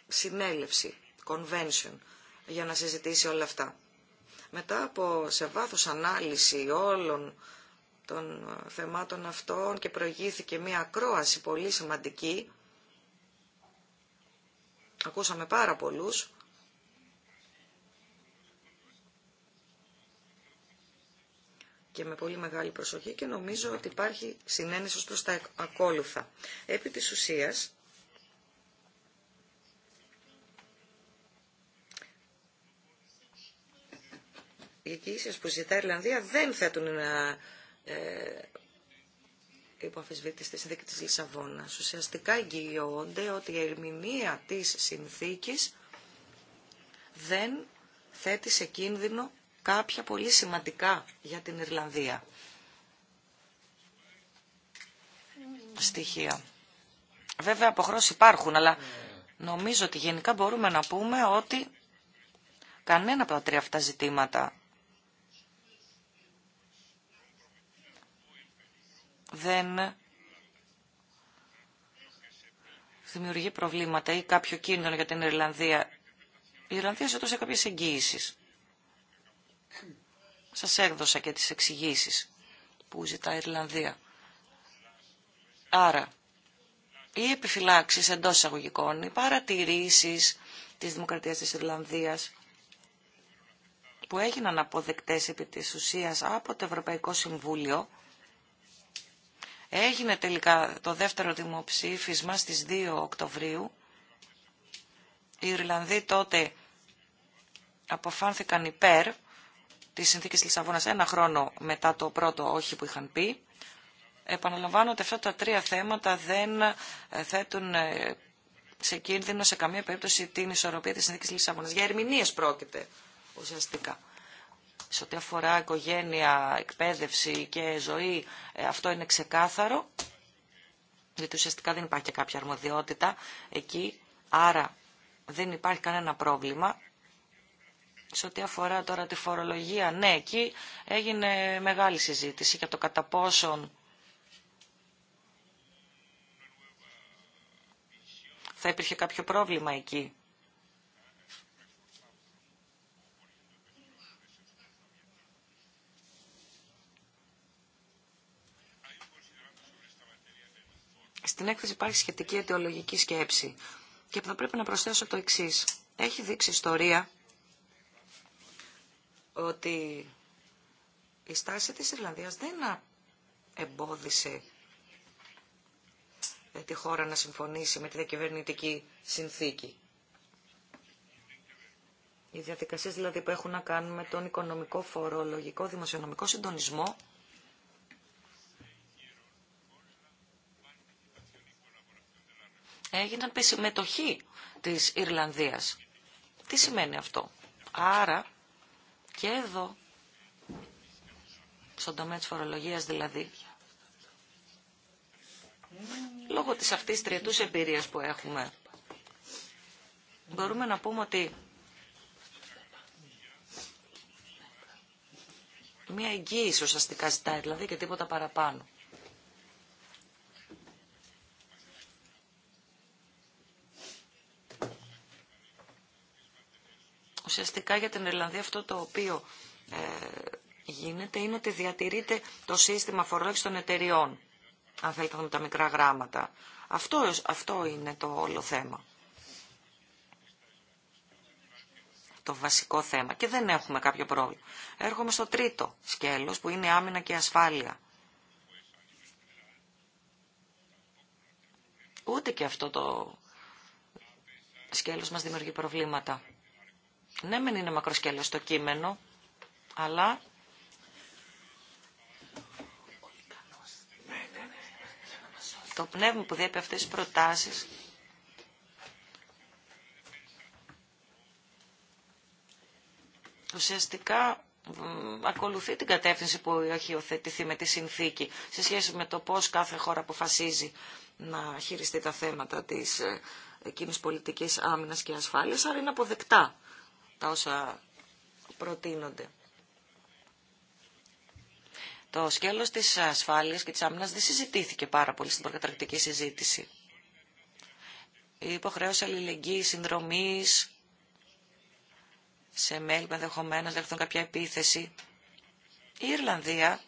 συνέλευση, convention, για να συζητήσει όλα αυτά. Μετά από σε βάθος ανάλυση όλων των ε, θεμάτων αυτών και προηγήθηκε μία ακρόαση πολύ σημαντική, ακούσαμε πάρα πολλούς, και με πολύ μεγάλη προσοχή και νομίζω ότι υπάρχει συνένεση ως προς τα ακόλουθα. Επί της ουσίας, οι εγγύησεις που ζητάει η Ιρλανδία δεν θέτουν να ε, στη συνθήκη της Λισαβόνας. Ουσιαστικά εγγυώνται ότι η ερμηνεία της συνθήκης δεν θέτει σε κίνδυνο κάποια πολύ σημαντικά για την Ιρλανδία στοιχεία. Βέβαια αποχρώσεις υπάρχουν, αλλά νομίζω ότι γενικά μπορούμε να πούμε ότι κανένα από τα τρία αυτά ζητήματα δεν δημιουργεί προβλήματα ή κάποιο κίνδυνο για την Ιρλανδία. Η Ιρλανδία ζητούσε κάποιες εγγύησεις. Σας έδωσα και τις εξηγήσει που ζητά η Ιρλανδία. Άρα, οι επιφυλάξει εντό εισαγωγικών, οι παρατηρήσει της Δημοκρατίας της Ιρλανδίας που έγιναν αποδεκτές επί της ουσίας από το Ευρωπαϊκό Συμβούλιο έγινε τελικά το δεύτερο δημοψήφισμα στις 2 Οκτωβρίου οι Ιρλανδοί τότε αποφάνθηκαν υπέρ τη συνθήκη Λισαβόνα ένα χρόνο μετά το πρώτο όχι που είχαν πει. Επαναλαμβάνω ότι αυτά τα τρία θέματα δεν ε, θέτουν ε, σε κίνδυνο σε καμία περίπτωση την ισορροπία τη συνθήκη Λισαβόνα. Για ερμηνείε πρόκειται ουσιαστικά. Σε ό,τι αφορά οικογένεια, εκπαίδευση και ζωή, ε, αυτό είναι ξεκάθαρο, γιατί ουσιαστικά δεν υπάρχει και κάποια αρμοδιότητα εκεί, άρα δεν υπάρχει κανένα πρόβλημα σε ό,τι αφορά τώρα τη φορολογία, ναι, εκεί έγινε μεγάλη συζήτηση για το κατά πόσον θα υπήρχε κάποιο πρόβλημα εκεί. Στην έκθεση υπάρχει σχετική αιτιολογική σκέψη και θα πρέπει να προσθέσω το εξή. Έχει δείξει ιστορία ότι η στάση της Ιρλανδίας δεν εμπόδισε ε, τη χώρα να συμφωνήσει με τη διακυβερνητική συνθήκη. Οι διαδικασίες δηλαδή που έχουν να κάνουν με τον οικονομικό, φορολογικό, δημοσιονομικό συντονισμό έγιναν με συμμετοχή της Ιρλανδίας. Τι σημαίνει αυτό. Άρα και εδώ, στον τομέα της φορολογίας δηλαδή, λόγω της αυτής τριετούς εμπειρίας που έχουμε, μπορούμε να πούμε ότι μία εγγύηση ουσιαστικά ζητάει, δηλαδή και τίποτα παραπάνω. ουσιαστικά για την Ιρλανδία αυτό το οποίο ε, γίνεται είναι ότι διατηρείται το σύστημα φορολόγηση των εταιριών. Αν θέλετε τα μικρά γράμματα. Αυτό, αυτό είναι το όλο θέμα. Το βασικό θέμα. Και δεν έχουμε κάποιο πρόβλημα. Έρχομαι στο τρίτο σκέλος που είναι άμυνα και ασφάλεια. Ούτε και αυτό το σκέλος μας δημιουργεί προβλήματα. Ναι, μεν είναι μακροσκέλο το κείμενο, αλλά το πνεύμα που διέπει αυτές τις προτάσεις ουσιαστικά ακολουθεί την κατεύθυνση που έχει οθετηθεί με τη συνθήκη σε σχέση με το πώς κάθε χώρα αποφασίζει να χειριστεί τα θέματα της ε, εκείνης πολιτικής άμυνας και ασφάλειας, άρα είναι αποδεκτά τα όσα προτείνονται. Το σκέλος της ασφάλειας και της άμυνας δεν συζητήθηκε πάρα πολύ στην προκαταρκτική συζήτηση. Η υποχρέωση αλληλεγγύης, συνδρομής, σε μέλη που ενδεχομένως δεχθούν κάποια επίθεση. Η Ιρλανδία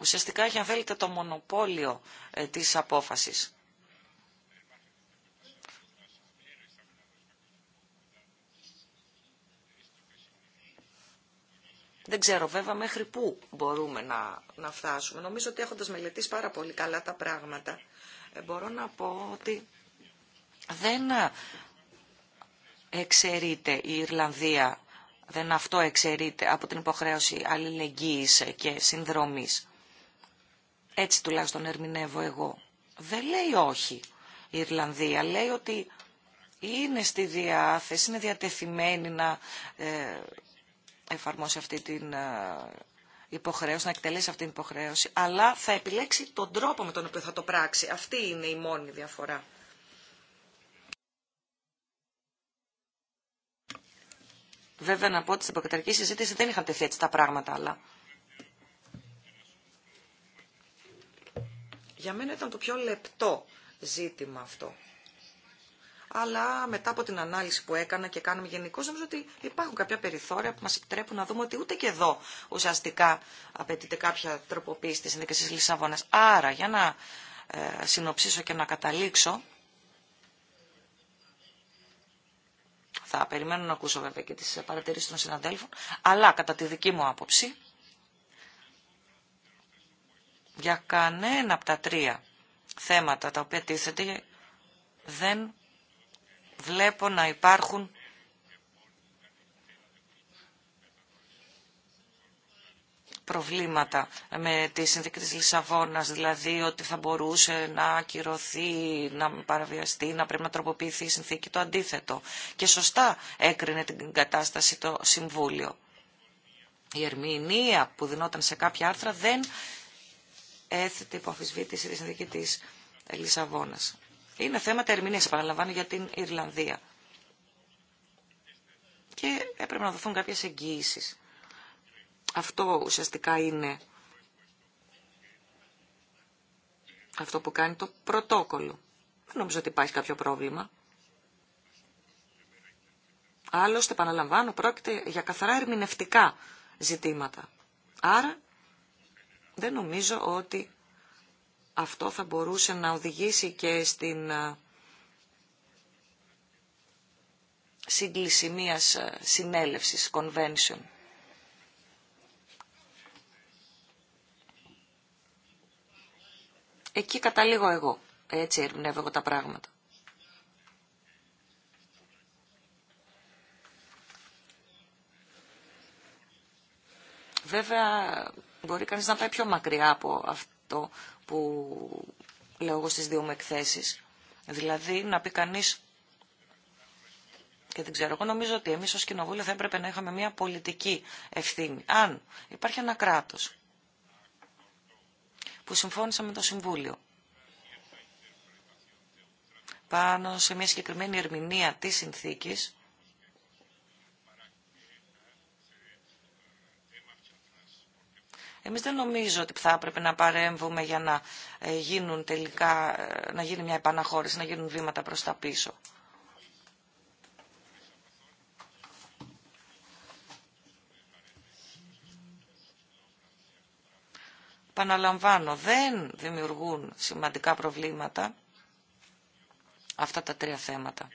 ουσιαστικά έχει αν θέλετε το μονοπόλιο ε, της απόφασης. Δεν ξέρω βέβαια μέχρι πού μπορούμε να, να φτάσουμε. Νομίζω ότι έχοντας μελετήσει πάρα πολύ καλά τα πράγματα, ε, μπορώ να πω ότι δεν εξαιρείται η Ιρλανδία, δεν αυτό εξαιρείται από την υποχρέωση αλληλεγγύης και συνδρομής. Έτσι τουλάχιστον ερμηνεύω εγώ. Δεν λέει όχι η Ιρλανδία, λέει ότι είναι στη διάθεση, είναι διατεθειμένη να ε, εφαρμόσει αυτή την ε, υποχρέωση, να εκτελέσει αυτή την υποχρέωση, αλλά θα επιλέξει τον τρόπο με τον οποίο θα το πράξει. Αυτή είναι η μόνη διαφορά. Βέβαια να πω ότι στην προκαταρική συζήτηση δεν είχαν τεθεί έτσι τα πράγματα, αλλά... Για μένα ήταν το πιο λεπτό ζήτημα αυτό αλλά μετά από την ανάλυση που έκανα και κάνουμε γενικώ, νομίζω ότι υπάρχουν κάποια περιθώρια που μα επιτρέπουν να δούμε ότι ούτε και εδώ ουσιαστικά απαιτείται κάποια τροποποίηση τη συνδίκη Λισαβόνα. Άρα, για να ε, συνοψίσω και να καταλήξω, θα περιμένω να ακούσω βέβαια και τις παρατηρήσεις των συναντέλφων, αλλά κατά τη δική μου άποψη, για κανένα από τα τρία θέματα τα οποία τίθεται δεν βλέπω να υπάρχουν προβλήματα με τη συνθήκη της Λισαβόνας, δηλαδή ότι θα μπορούσε να ακυρωθεί, να παραβιαστεί, να πρέπει να τροποποιηθεί η συνθήκη, το αντίθετο. Και σωστά έκρινε την κατάσταση το Συμβούλιο. Η ερμηνεία που δινόταν σε κάποια άρθρα δεν έθετε υπό αφισβήτηση τη συνθήκη της Λισαβόνας. Είναι θέματα ερμηνεία, επαναλαμβάνω, για την Ιρλανδία. Και έπρεπε να δοθούν κάποιες εγγύησει. Αυτό ουσιαστικά είναι αυτό που κάνει το πρωτόκολλο. Δεν νομίζω ότι υπάρχει κάποιο πρόβλημα. Άλλωστε, επαναλαμβάνω, πρόκειται για καθαρά ερμηνευτικά ζητήματα. Άρα, δεν νομίζω ότι αυτό θα μπορούσε να οδηγήσει και στην ε, σύγκληση μιας ε, συνέλευσης, convention. Εκεί καταλήγω εγώ. Έτσι ερμηνεύω εγώ τα πράγματα. Βέβαια, μπορεί κανείς να πάει πιο μακριά από αυτό που λέω εγώ στις δύο μου εκθέσεις. Δηλαδή να πει κανείς και δεν ξέρω, εγώ νομίζω ότι εμείς ως κοινοβούλιο θα έπρεπε να είχαμε μια πολιτική ευθύνη. Αν υπάρχει ένα κράτος που συμφώνησε με το Συμβούλιο πάνω σε μια συγκεκριμένη ερμηνεία της συνθήκης, Εμείς δεν νομίζω ότι θα έπρεπε να παρέμβουμε για να, ε, γίνουν τελικά, ε, να γίνει μια επαναχώρηση, να γίνουν βήματα προς τα πίσω. Παναλαμβάνω, δεν δημιουργούν σημαντικά προβλήματα αυτά τα τρία θέματα.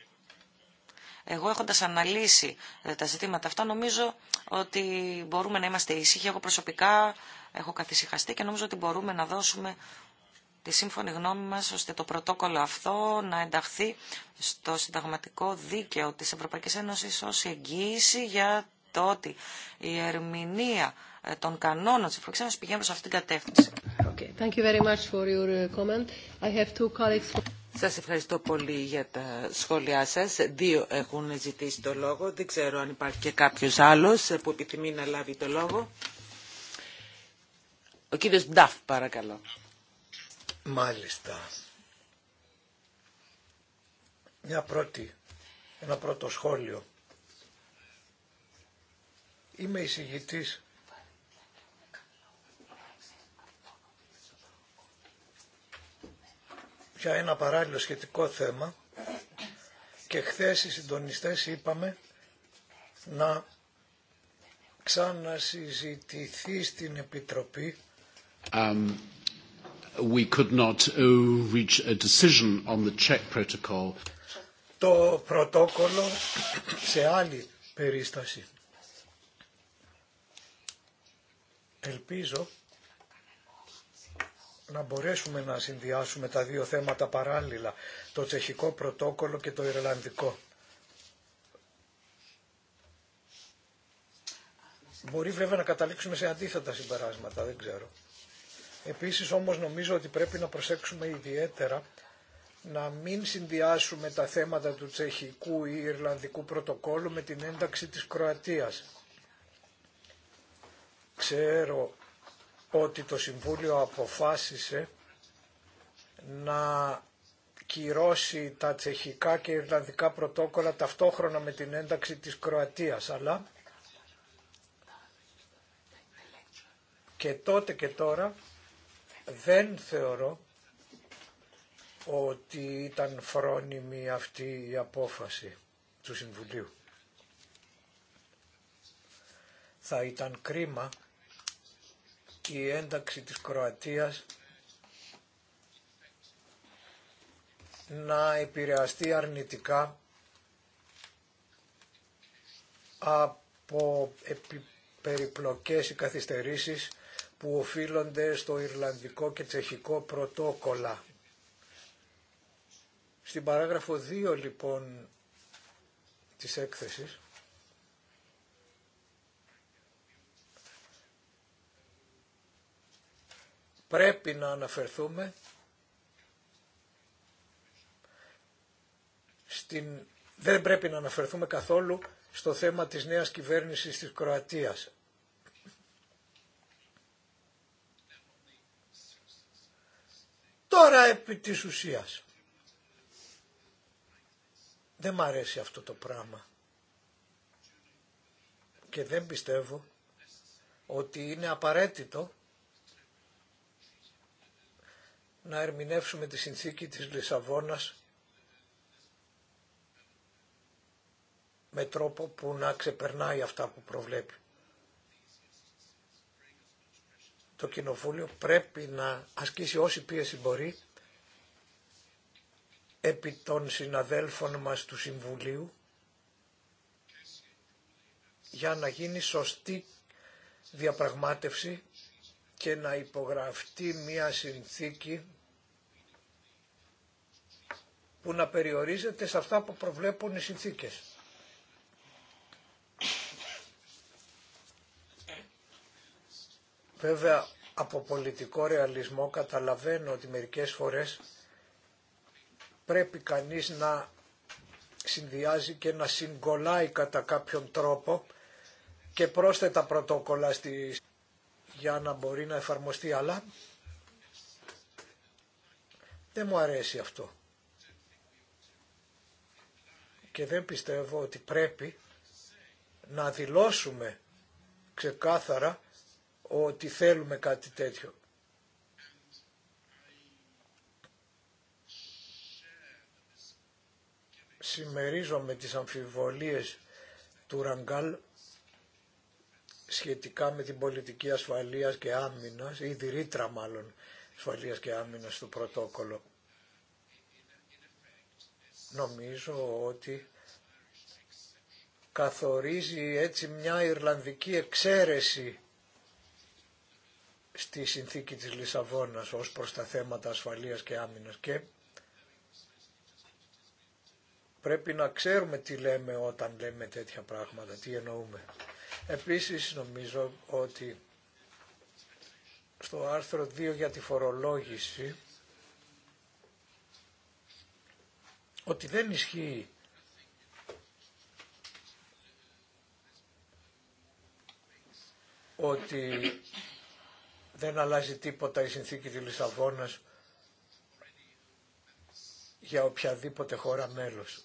Εγώ έχοντας αναλύσει ε, τα ζητήματα αυτά νομίζω ότι μπορούμε να είμαστε ήσυχοι. Εγώ προσωπικά έχω καθυσυχαστεί και νομίζω ότι μπορούμε να δώσουμε τη σύμφωνη γνώμη μας ώστε το πρωτόκολλο αυτό να ενταχθεί στο συνταγματικό δίκαιο της Ευρωπαϊκής Ένωσης ως εγγύηση για το ότι η ερμηνεία ε, των κανόνων της Ευρωπαϊκής Ένωσης πηγαίνει προς αυτήν την κατεύθυνση. Okay. Σας ευχαριστώ πολύ για τα σχόλιά σας. Δύο έχουν ζητήσει το λόγο. Δεν ξέρω αν υπάρχει και κάποιος άλλος που επιθυμεί να λάβει το λόγο. Ο κύριος Νταφ, παρακαλώ. Μάλιστα. Μια πρώτη, ένα πρώτο σχόλιο. Είμαι εισηγητής για ένα παράλληλο σχετικό θέμα και χθες οι συντονιστές είπαμε να ξανασυζητηθεί στην Επιτροπή um, we could not uh, reach a decision on the protocol. το πρωτόκολλο σε άλλη περίσταση. Ελπίζω να μπορέσουμε να συνδυάσουμε τα δύο θέματα παράλληλα, το τσεχικό πρωτόκολλο και το Ιρλανδικό. Μπορεί βέβαια να καταλήξουμε σε αντίθετα συμπεράσματα, δεν ξέρω. Επίσης όμως νομίζω ότι πρέπει να προσέξουμε ιδιαίτερα να μην συνδυάσουμε τα θέματα του τσεχικού ή Ιρλανδικού πρωτοκόλλου με την ένταξη της Κροατίας. Ξέρω ότι το Συμβούλιο αποφάσισε να κυρώσει τα τσεχικά και ιρλανδικά πρωτόκολλα ταυτόχρονα με την ένταξη της Κροατίας, αλλά και τότε και τώρα δεν θεωρώ ότι ήταν φρόνιμη αυτή η απόφαση του Συμβουλίου. Θα ήταν κρίμα η ένταξη της Κροατίας να επηρεαστεί αρνητικά από περιπλοκές ή καθυστερήσεις που οφείλονται στο Ιρλανδικό και Τσεχικό πρωτόκολλα. Στην παράγραφο 2 λοιπόν της έκθεσης πρέπει να αναφερθούμε στην... δεν πρέπει να αναφερθούμε καθόλου στο θέμα της νέας κυβέρνησης της Κροατίας. Τώρα επί της ουσίας. Δεν μ' αρέσει αυτό το πράγμα. Και δεν πιστεύω ότι είναι απαραίτητο να ερμηνεύσουμε τη συνθήκη της Λισαβόνας με τρόπο που να ξεπερνάει αυτά που προβλέπει. Το Κοινοβούλιο πρέπει να ασκήσει όση πίεση μπορεί επί των συναδέλφων μας του Συμβουλίου για να γίνει σωστή διαπραγμάτευση και να υπογραφτεί μια συνθήκη που να περιορίζεται σε αυτά που προβλέπουν οι συνθήκες. Βέβαια από πολιτικό ρεαλισμό καταλαβαίνω ότι μερικές φορές πρέπει κανείς να συνδυάζει και να συγκολλάει κατά κάποιον τρόπο και πρόσθετα πρωτόκολλα στη για να μπορεί να εφαρμοστεί, αλλά δεν μου αρέσει αυτό. Και δεν πιστεύω ότι πρέπει να δηλώσουμε ξεκάθαρα ότι θέλουμε κάτι τέτοιο. Συμμερίζομαι τις αμφιβολίες του Ραγκάλ σχετικά με την πολιτική ασφαλείας και άμυνας, ή τη μάλλον ασφαλείας και άμυνας στο πρωτόκολλο. Νομίζω ότι καθορίζει έτσι μια Ιρλανδική εξαίρεση στη συνθήκη της Λισαβόνας ως προς τα θέματα ασφαλείας και άμυνας και πρέπει να ξέρουμε τι λέμε όταν λέμε τέτοια πράγματα, τι εννοούμε. Επίσης νομίζω ότι στο άρθρο 2 για τη φορολόγηση ότι δεν ισχύει ότι δεν αλλάζει τίποτα η συνθήκη της Λισαβόνας για οποιαδήποτε χώρα μέλος.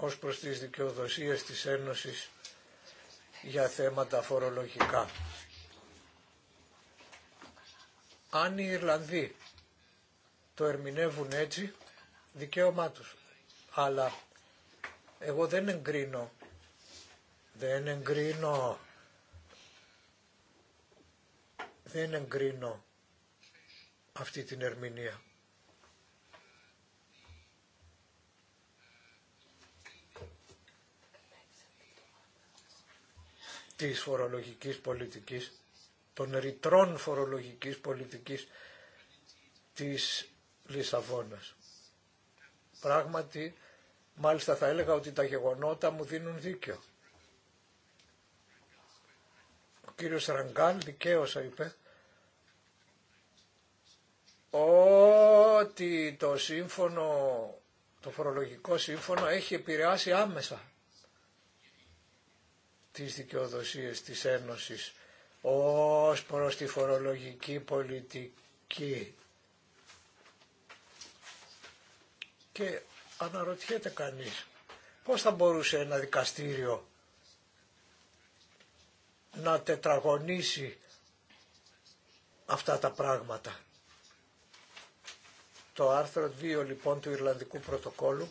ως προς τις δικαιοδοσίες της Ένωσης για θέματα φορολογικά. Αν οι Ιρλανδοί το ερμηνεύουν έτσι, δικαίωμά τους. Αλλά εγώ δεν εγκρίνω, δεν εγκρίνω, δεν εγκρίνω αυτή την ερμηνεία. της φορολογικής πολιτικής, των ρητρών φορολογικής πολιτικής της Λισαβόνας. Πράγματι, μάλιστα θα έλεγα ότι τα γεγονότα μου δίνουν δίκιο. Ο κύριος Ραγκάλ δικαίωσα είπε ότι το σύμφωνο, το φορολογικό σύμφωνο έχει επηρεάσει άμεσα τις δικαιοδοσίες της Ένωσης ως προς τη φορολογική πολιτική. Και αναρωτιέται κανείς πώς θα μπορούσε ένα δικαστήριο να τετραγωνίσει αυτά τα πράγματα. Το άρθρο 2 λοιπόν του Ιρλανδικού Πρωτοκόλου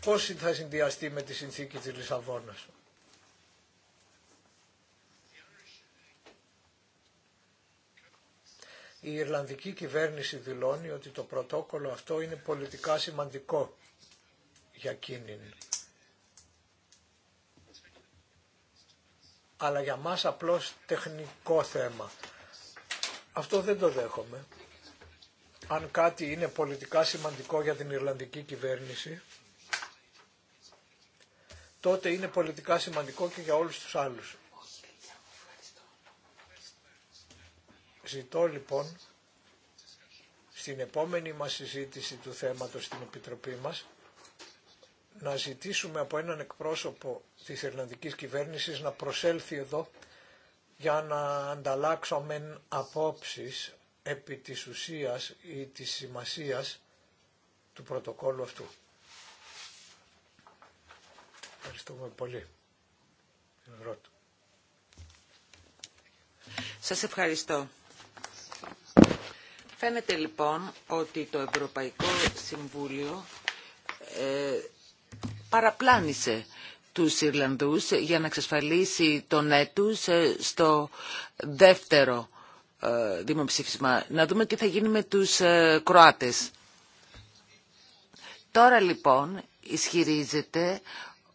πώς θα συνδυαστεί με τη συνθήκη της Λισαβόνας. Η Ιρλανδική κυβέρνηση δηλώνει ότι το πρωτόκολλο αυτό είναι πολιτικά σημαντικό για εκείνην. Αλλά για μας απλώς τεχνικό θέμα. Αυτό δεν το δέχομαι. Αν κάτι είναι πολιτικά σημαντικό για την Ιρλανδική κυβέρνηση, τότε είναι πολιτικά σημαντικό και για όλους τους άλλους. Ζητώ λοιπόν στην επόμενη μας συζήτηση του θέματος στην Επιτροπή μας να ζητήσουμε από έναν εκπρόσωπο της Ιρλανδικής Κυβέρνησης να προσέλθει εδώ για να ανταλλάξουμε απόψεις επί της ουσίας ή της σημασίας του πρωτοκόλλου αυτού. Ευχαριστούμε πολύ. Σας ευχαριστώ. Φαίνεται λοιπόν ότι το Ευρωπαϊκό Συμβούλιο ε, παραπλάνησε τους Ιρλανδούς για να εξασφαλίσει τον έτους ε, στο δεύτερο ε, δημοψήφισμα. Να δούμε τι θα γίνει με τους ε, Κροάτες. Τώρα λοιπόν ισχυρίζεται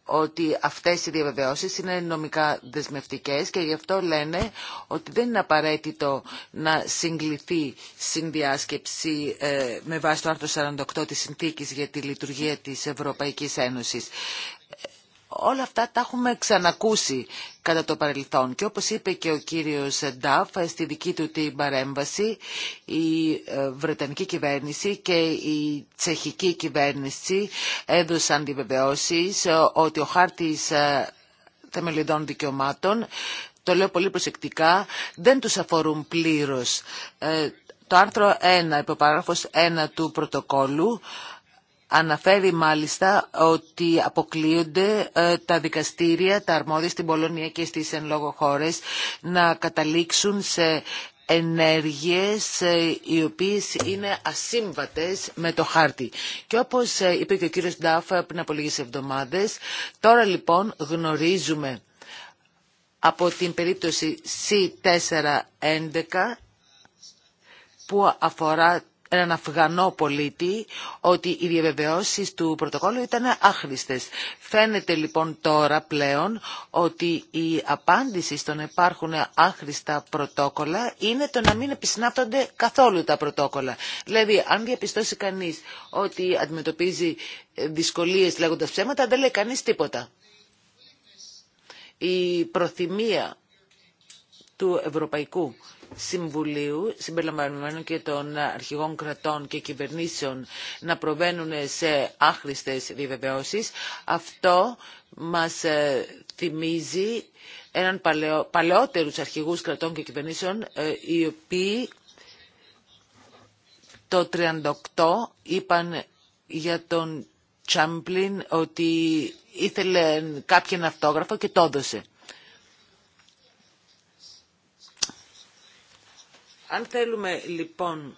ότι αυτές οι διαβεβαιώσεις είναι νομικά δεσμευτικές και γι' αυτό λένε ότι δεν είναι απαραίτητο να συγκληθεί συνδιάσκεψη ε, με βάση το άρθρο 48 της Συνθήκης για τη λειτουργία της Ευρωπαϊκής Ένωσης. Όλα αυτά τα έχουμε ξανακούσει κατά το παρελθόν και όπως είπε και ο κύριος Νταφ στη δική του την παρέμβαση η ε, Βρετανική κυβέρνηση και η Τσεχική κυβέρνηση έδωσαν τη ε, ότι ο χάρτης ε, θεμελιδών δικαιωμάτων το λέω πολύ προσεκτικά, δεν τους αφορούν πλήρως. Το άρθρο 1, υποπαράγραφος 1 του πρωτοκόλου Αναφέρει μάλιστα ότι αποκλείονται ε, τα δικαστήρια, τα αρμόδια στην Πολωνία και στις εν λόγω χώρες να καταλήξουν σε ενέργειες ε, οι οποίες είναι ασύμβατες με το χάρτη. Και όπως ε, είπε και ο κύριος Ντάφ πριν από λίγες εβδομάδες, τώρα λοιπόν γνωρίζουμε από την περίπτωση C411 που αφορά έναν Αφγανό πολίτη ότι οι διαβεβαιώσεις του πρωτοκόλλου ήταν άχρηστες. Φαίνεται λοιπόν τώρα πλέον ότι η απάντηση στο να υπάρχουν άχρηστα πρωτόκολλα είναι το να μην επισυνάπτονται καθόλου τα πρωτόκολλα. Δηλαδή αν διαπιστώσει κανείς ότι αντιμετωπίζει ε, δυσκολίες λέγοντας ψέματα δεν λέει κανείς τίποτα. Η προθυμία του Ευρωπαϊκού Συμβουλίου, συμπεριλαμβανομένων και των αρχηγών κρατών και κυβερνήσεων, να προβαίνουν σε άχρηστες διαβεβαιώσεις. Αυτό μας ε, θυμίζει έναν παλαιό, παλαιότερους αρχηγούς κρατών και κυβερνήσεων, ε, οι οποίοι το 1938 είπαν για τον Τσάμπλιν ότι ήθελε κάποιον αυτόγραφο και το έδωσε. Αν θέλουμε λοιπόν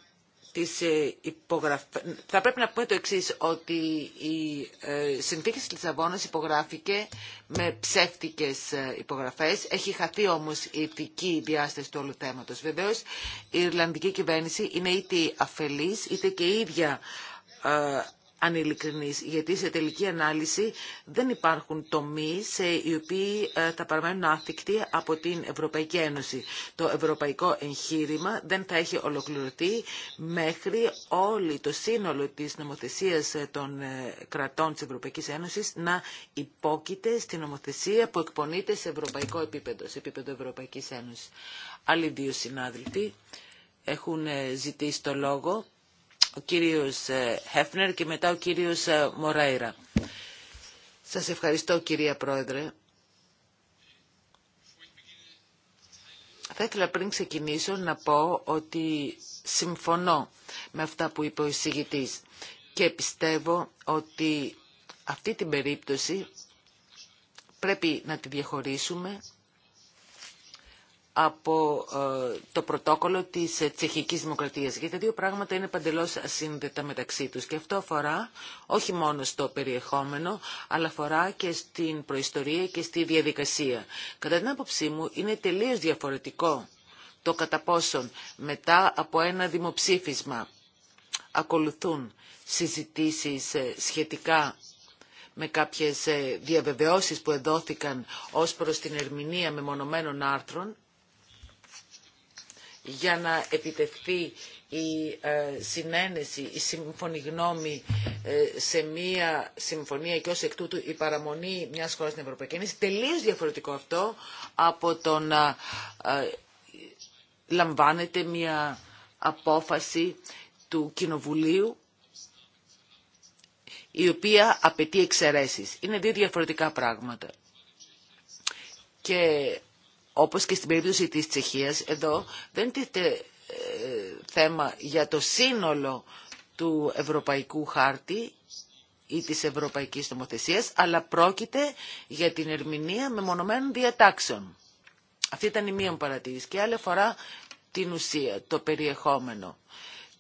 τις ε, υπογραφές... Θα πρέπει να πούμε το εξής, ότι η ε, συνθήκη της Λισαβόνας υπογράφηκε με ψεύτικες ε, υπογραφές. Έχει χαθεί όμως η ηθική διάσταση του όλου θέματος. Βεβαίως, η Ιρλανδική κυβέρνηση είναι είτε αφελής, είτε και ίδια ανηλικρινής, γιατί σε τελική ανάλυση δεν υπάρχουν τομείς ε, οι οποίοι ε, θα παραμένουν άθικτοι από την Ευρωπαϊκή Ένωση. Το ευρωπαϊκό εγχείρημα δεν θα έχει ολοκληρωθεί μέχρι όλη το σύνολο της νομοθεσίας ε, των κρατών της Ευρωπαϊκής Ένωσης να υπόκειται στην νομοθεσία που εκπονείται σε ευρωπαϊκό επίπεδο, σε επίπεδο Ευρωπαϊκής Ένωσης. Άλλοι δύο συνάδελφοι έχουν ζητήσει το λόγο ο κύριος ε, Χέφνερ και μετά ο κύριος ε, Μοράιρα. Σας ευχαριστώ κυρία Πρόεδρε. Θα ήθελα πριν ξεκινήσω να πω ότι συμφωνώ με αυτά που είπε ο και πιστεύω ότι αυτή την περίπτωση πρέπει να τη διαχωρίσουμε από ε, το πρωτόκολλο της ε, Τσεχικής Δημοκρατίας. Γιατί τα δύο πράγματα είναι παντελώς ασύνδετα μεταξύ τους. Και αυτό αφορά όχι μόνο στο περιεχόμενο, αλλά αφορά και στην προϊστορία και στη διαδικασία. Κατά την άποψή μου είναι τελείως διαφορετικό το κατά πόσον μετά από ένα δημοψήφισμα ακολουθούν συζητήσεις ε, σχετικά με κάποιες διαβεβαιώσεις που εδόθηκαν ως προς την ερμηνεία μεμονωμένων άρθρων για να επιτευχθεί η ε, συνένεση, η σύμφωνη γνώμη ε, σε μία συμφωνία και ως εκ τούτου η παραμονή μιας χώρας στην Ευρωπαϊκή Ένωση. Τελείως διαφορετικό αυτό από το να ε, λαμβάνεται μία απόφαση του Κοινοβουλίου η οποία απαιτεί εξαιρέσεις. Είναι δύο διαφορετικά πράγματα. Και όπως και στην περίπτωση της Τσεχίας, εδώ δεν τίθεται ε, θέμα για το σύνολο του Ευρωπαϊκού Χάρτη ή της Ευρωπαϊκής Νομοθεσίας, αλλά πρόκειται για την ερμηνεία μεμονωμένων διατάξεων. Αυτή ήταν η μία μου παρατήρηση και άλλη αφορά την ουσία, το περιεχόμενο,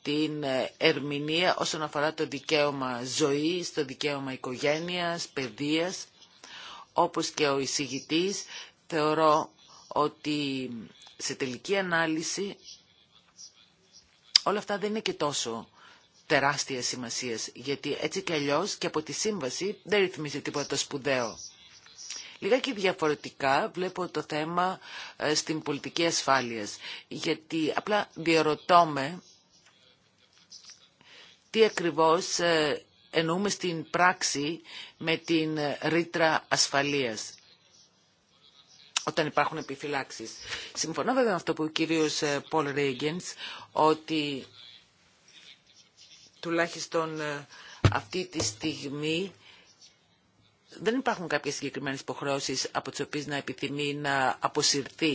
την ε, ερμηνεία όσον αφορά το δικαίωμα ζωής, το δικαίωμα οικογένειας, παιδείας, όπως και ο εισηγητής, θεωρώ ότι σε τελική ανάλυση όλα αυτά δεν είναι και τόσο τεράστια σημασία, γιατί έτσι κι αλλιώ και από τη σύμβαση δεν ρυθμίζει τίποτα το σπουδαίο. Λιγάκι διαφορετικά βλέπω το θέμα ε, στην πολιτική ασφάλειας, γιατί απλά διαρωτώ τι ακριβώς ε, εννοούμε στην πράξη με την ρήτρα ασφαλείας όταν υπάρχουν επιφυλάξεις. Συμφωνώ βέβαια με αυτό που ο κύριος ε, Πολ Ρέγγενς, ότι τουλάχιστον ε, αυτή τη στιγμή δεν υπάρχουν κάποιες συγκεκριμένες υποχρεώσει από τις οποίες να επιθυμεί να αποσυρθεί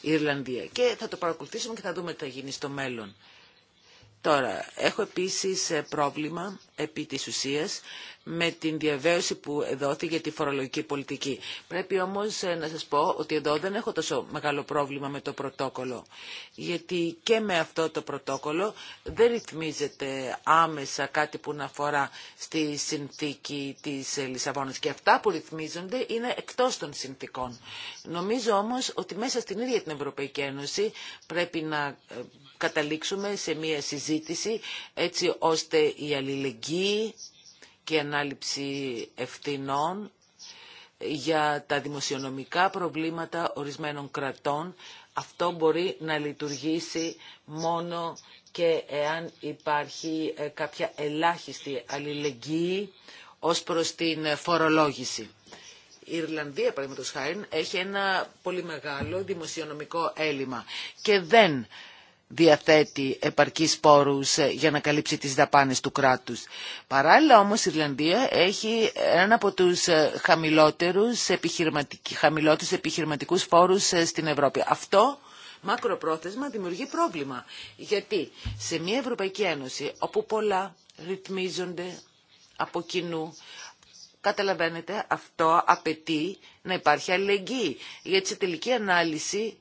η Ιρλανδία. Και θα το παρακολουθήσουμε και θα δούμε τι θα γίνει στο μέλλον. Τώρα, έχω επίσης ε, πρόβλημα επί της ουσίας με την διαβέωση που δόθηκε για τη φορολογική πολιτική. Πρέπει όμως ε, να σας πω ότι εδώ δεν έχω τόσο μεγάλο πρόβλημα με το πρωτόκολλο, γιατί και με αυτό το πρωτόκολλο δεν ρυθμίζεται άμεσα κάτι που να αφορά στη συνθήκη της ε, Λισαβόνας και αυτά που ρυθμίζονται είναι εκτός των συνθήκων. Νομίζω όμως ότι μέσα στην ίδια την Ευρωπαϊκή Ένωση πρέπει να καταλήξουμε σε μία συζήτηση έτσι ώστε η αλληλεγγύη και η ανάληψη ευθυνών για τα δημοσιονομικά προβλήματα ορισμένων κρατών. Αυτό μπορεί να λειτουργήσει μόνο και εάν υπάρχει ε, κάποια ελάχιστη αλληλεγγύη ως προς την φορολόγηση. Η Ιρλανδία, παραδείγματος χάρη, έχει ένα πολύ μεγάλο δημοσιονομικό έλλειμμα και δεν διαθέτει επαρκή πόρους ε, για να καλύψει τις δαπάνες του κράτους. Παράλληλα όμως η Ιρλανδία έχει έναν από τους ε, χαμηλότερους, επιχειρηματικ... χαμηλότερους επιχειρηματικούς ε, στην Ευρώπη. Αυτό μακροπρόθεσμα δημιουργεί πρόβλημα. Γιατί σε μια Ευρωπαϊκή Ένωση όπου πολλά ρυθμίζονται από κοινού, καταλαβαίνετε αυτό απαιτεί να υπάρχει αλληλεγγύη. Γιατί σε τελική ανάλυση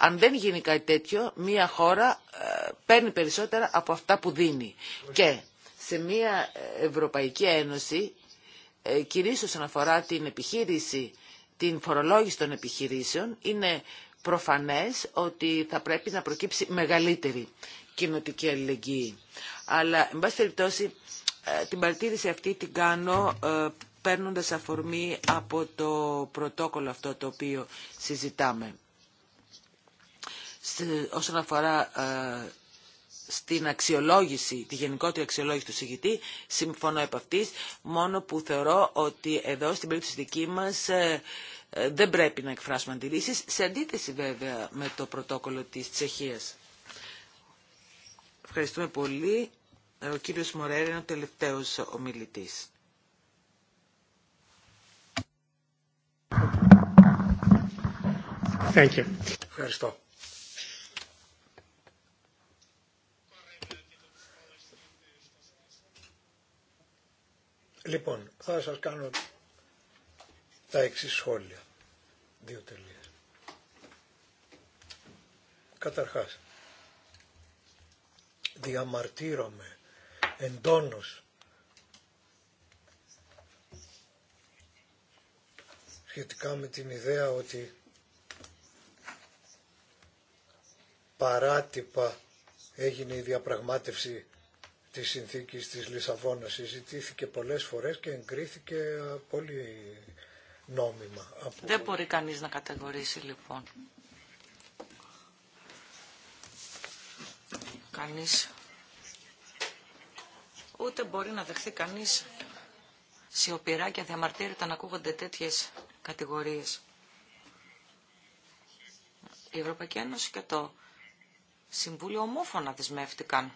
αν δεν γίνει κάτι τέτοιο, μία χώρα ε, παίρνει περισσότερα από αυτά που δίνει. Και σε μία ε, Ευρωπαϊκή Ένωση, ε, κυρίως όσον αφορά την επιχείρηση, την φορολόγηση των επιχειρήσεων, είναι προφανές ότι θα πρέπει να προκύψει μεγαλύτερη κοινωτική αλληλεγγύη. Αλλά, εν πάση περιπτώσει, την παρατήρηση αυτή την κάνω παίρνοντας αφορμή από το πρωτόκολλο αυτό το οποίο συζητάμε όσον αφορά ε, στην αξιολόγηση, τη γενικότερη αξιολόγηση του συγητή, συμφωνώ επ' αυτής, μόνο που θεωρώ ότι εδώ στην περίπτωση δική μας ε, ε, δεν πρέπει να εκφράσουμε αντιλήσεις, σε αντίθεση βέβαια με το πρωτόκολλο της Τσεχίας. Ευχαριστούμε πολύ. Ο κύριος Μορέρη είναι ο τελευταίος ομιλητής. Thank you. Ευχαριστώ. Λοιπόν, θα σας κάνω τα εξής σχόλια. Δύο τελείες. Καταρχάς, διαμαρτύρομαι εντόνως σχετικά με την ιδέα ότι παράτυπα έγινε η διαπραγμάτευση της συνθήκης της Λισαβόνας. Συζητήθηκε πολλές φορές και εγκρίθηκε πολύ νόμιμα. Από... Δεν μπορεί κανείς να κατηγορήσει λοιπόν. Κανείς. Ούτε μπορεί να δεχθεί κανείς σιωπηρά και διαμαρτύρητα να ακούγονται τέτοιες κατηγορίες. Η Ευρωπαϊκή Ένωση και το Συμβούλιο ομόφωνα δεσμεύτηκαν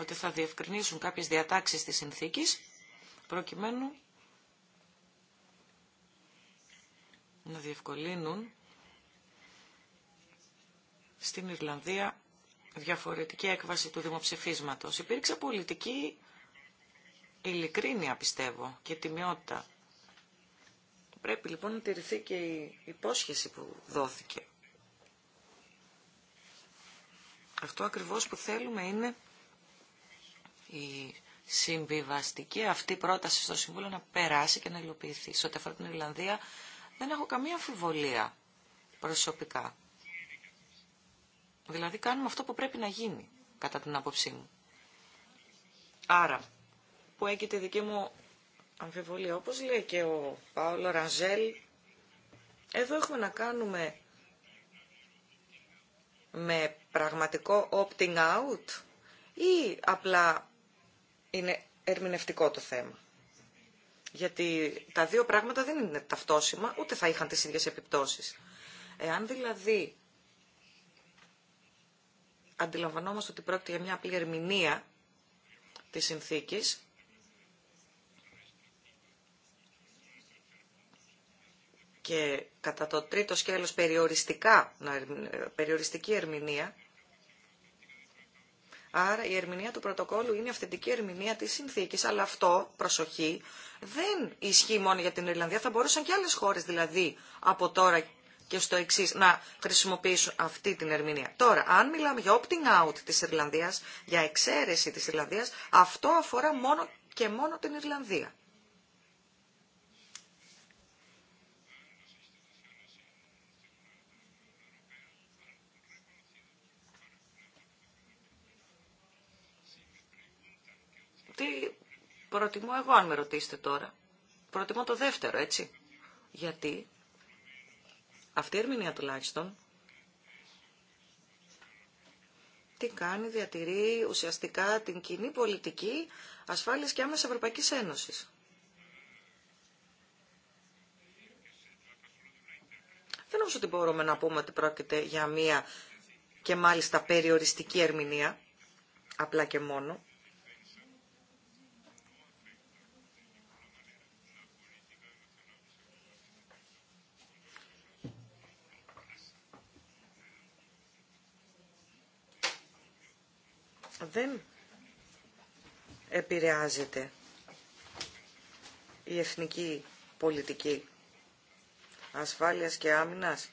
ότι θα διευκρινίσουν κάποιες διατάξεις της συνθήκης προκειμένου να διευκολύνουν στην Ιρλανδία διαφορετική έκβαση του δημοψηφίσματος. Υπήρξε πολιτική ειλικρίνεια, πιστεύω, και τιμιότητα. Πρέπει λοιπόν να τηρηθεί και η υπόσχεση που δόθηκε. Αυτό ακριβώς που θέλουμε είναι η συμβιβαστική αυτή πρόταση στο Συμβούλιο να περάσει και να υλοποιηθεί. Σε ό,τι αφορά την Ιρλανδία δεν έχω καμία αμφιβολία προσωπικά. Δηλαδή κάνουμε αυτό που πρέπει να γίνει, κατά την άποψή μου. Άρα, που έχει η δική μου αμφιβολία, όπως λέει και ο Παόλο Ραζέλ, εδώ έχουμε να κάνουμε με πραγματικό opting out ή απλά είναι ερμηνευτικό το θέμα. Γιατί τα δύο πράγματα δεν είναι ταυτόσιμα, ούτε θα είχαν τις ίδιες επιπτώσεις. Εάν δηλαδή αντιλαμβανόμαστε ότι πρόκειται για μια απλή ερμηνεία της συνθήκης, και κατά το τρίτο σκέλος περιοριστικά, ε, περιοριστική ερμηνεία, Άρα η ερμηνεία του πρωτοκόλου είναι η αυθεντική ερμηνεία της συνθήκη, αλλά αυτό, προσοχή, δεν ισχύει μόνο για την Ιρλανδία, θα μπορούσαν και άλλες χώρες δηλαδή από τώρα και στο εξή να χρησιμοποιήσουν αυτή την ερμηνεία. Τώρα, αν μιλάμε για opting out της Ιρλανδίας, για εξαίρεση της Ιρλανδίας, αυτό αφορά μόνο και μόνο την Ιρλανδία. Τι προτιμώ εγώ αν με ρωτήσετε τώρα. Προτιμώ το δεύτερο, έτσι. Γιατί αυτή η ερμηνεία τουλάχιστον τι κάνει, διατηρεί ουσιαστικά την κοινή πολιτική ασφάλειας και άμεσης Ευρωπαϊκής Ένωσης. Δεν νομίζω ότι μπορούμε να πούμε ότι πρόκειται για μία και μάλιστα περιοριστική ερμηνεία, απλά και μόνο. επηρεάζεται η εθνική πολιτική ασφάλειας και άμυνας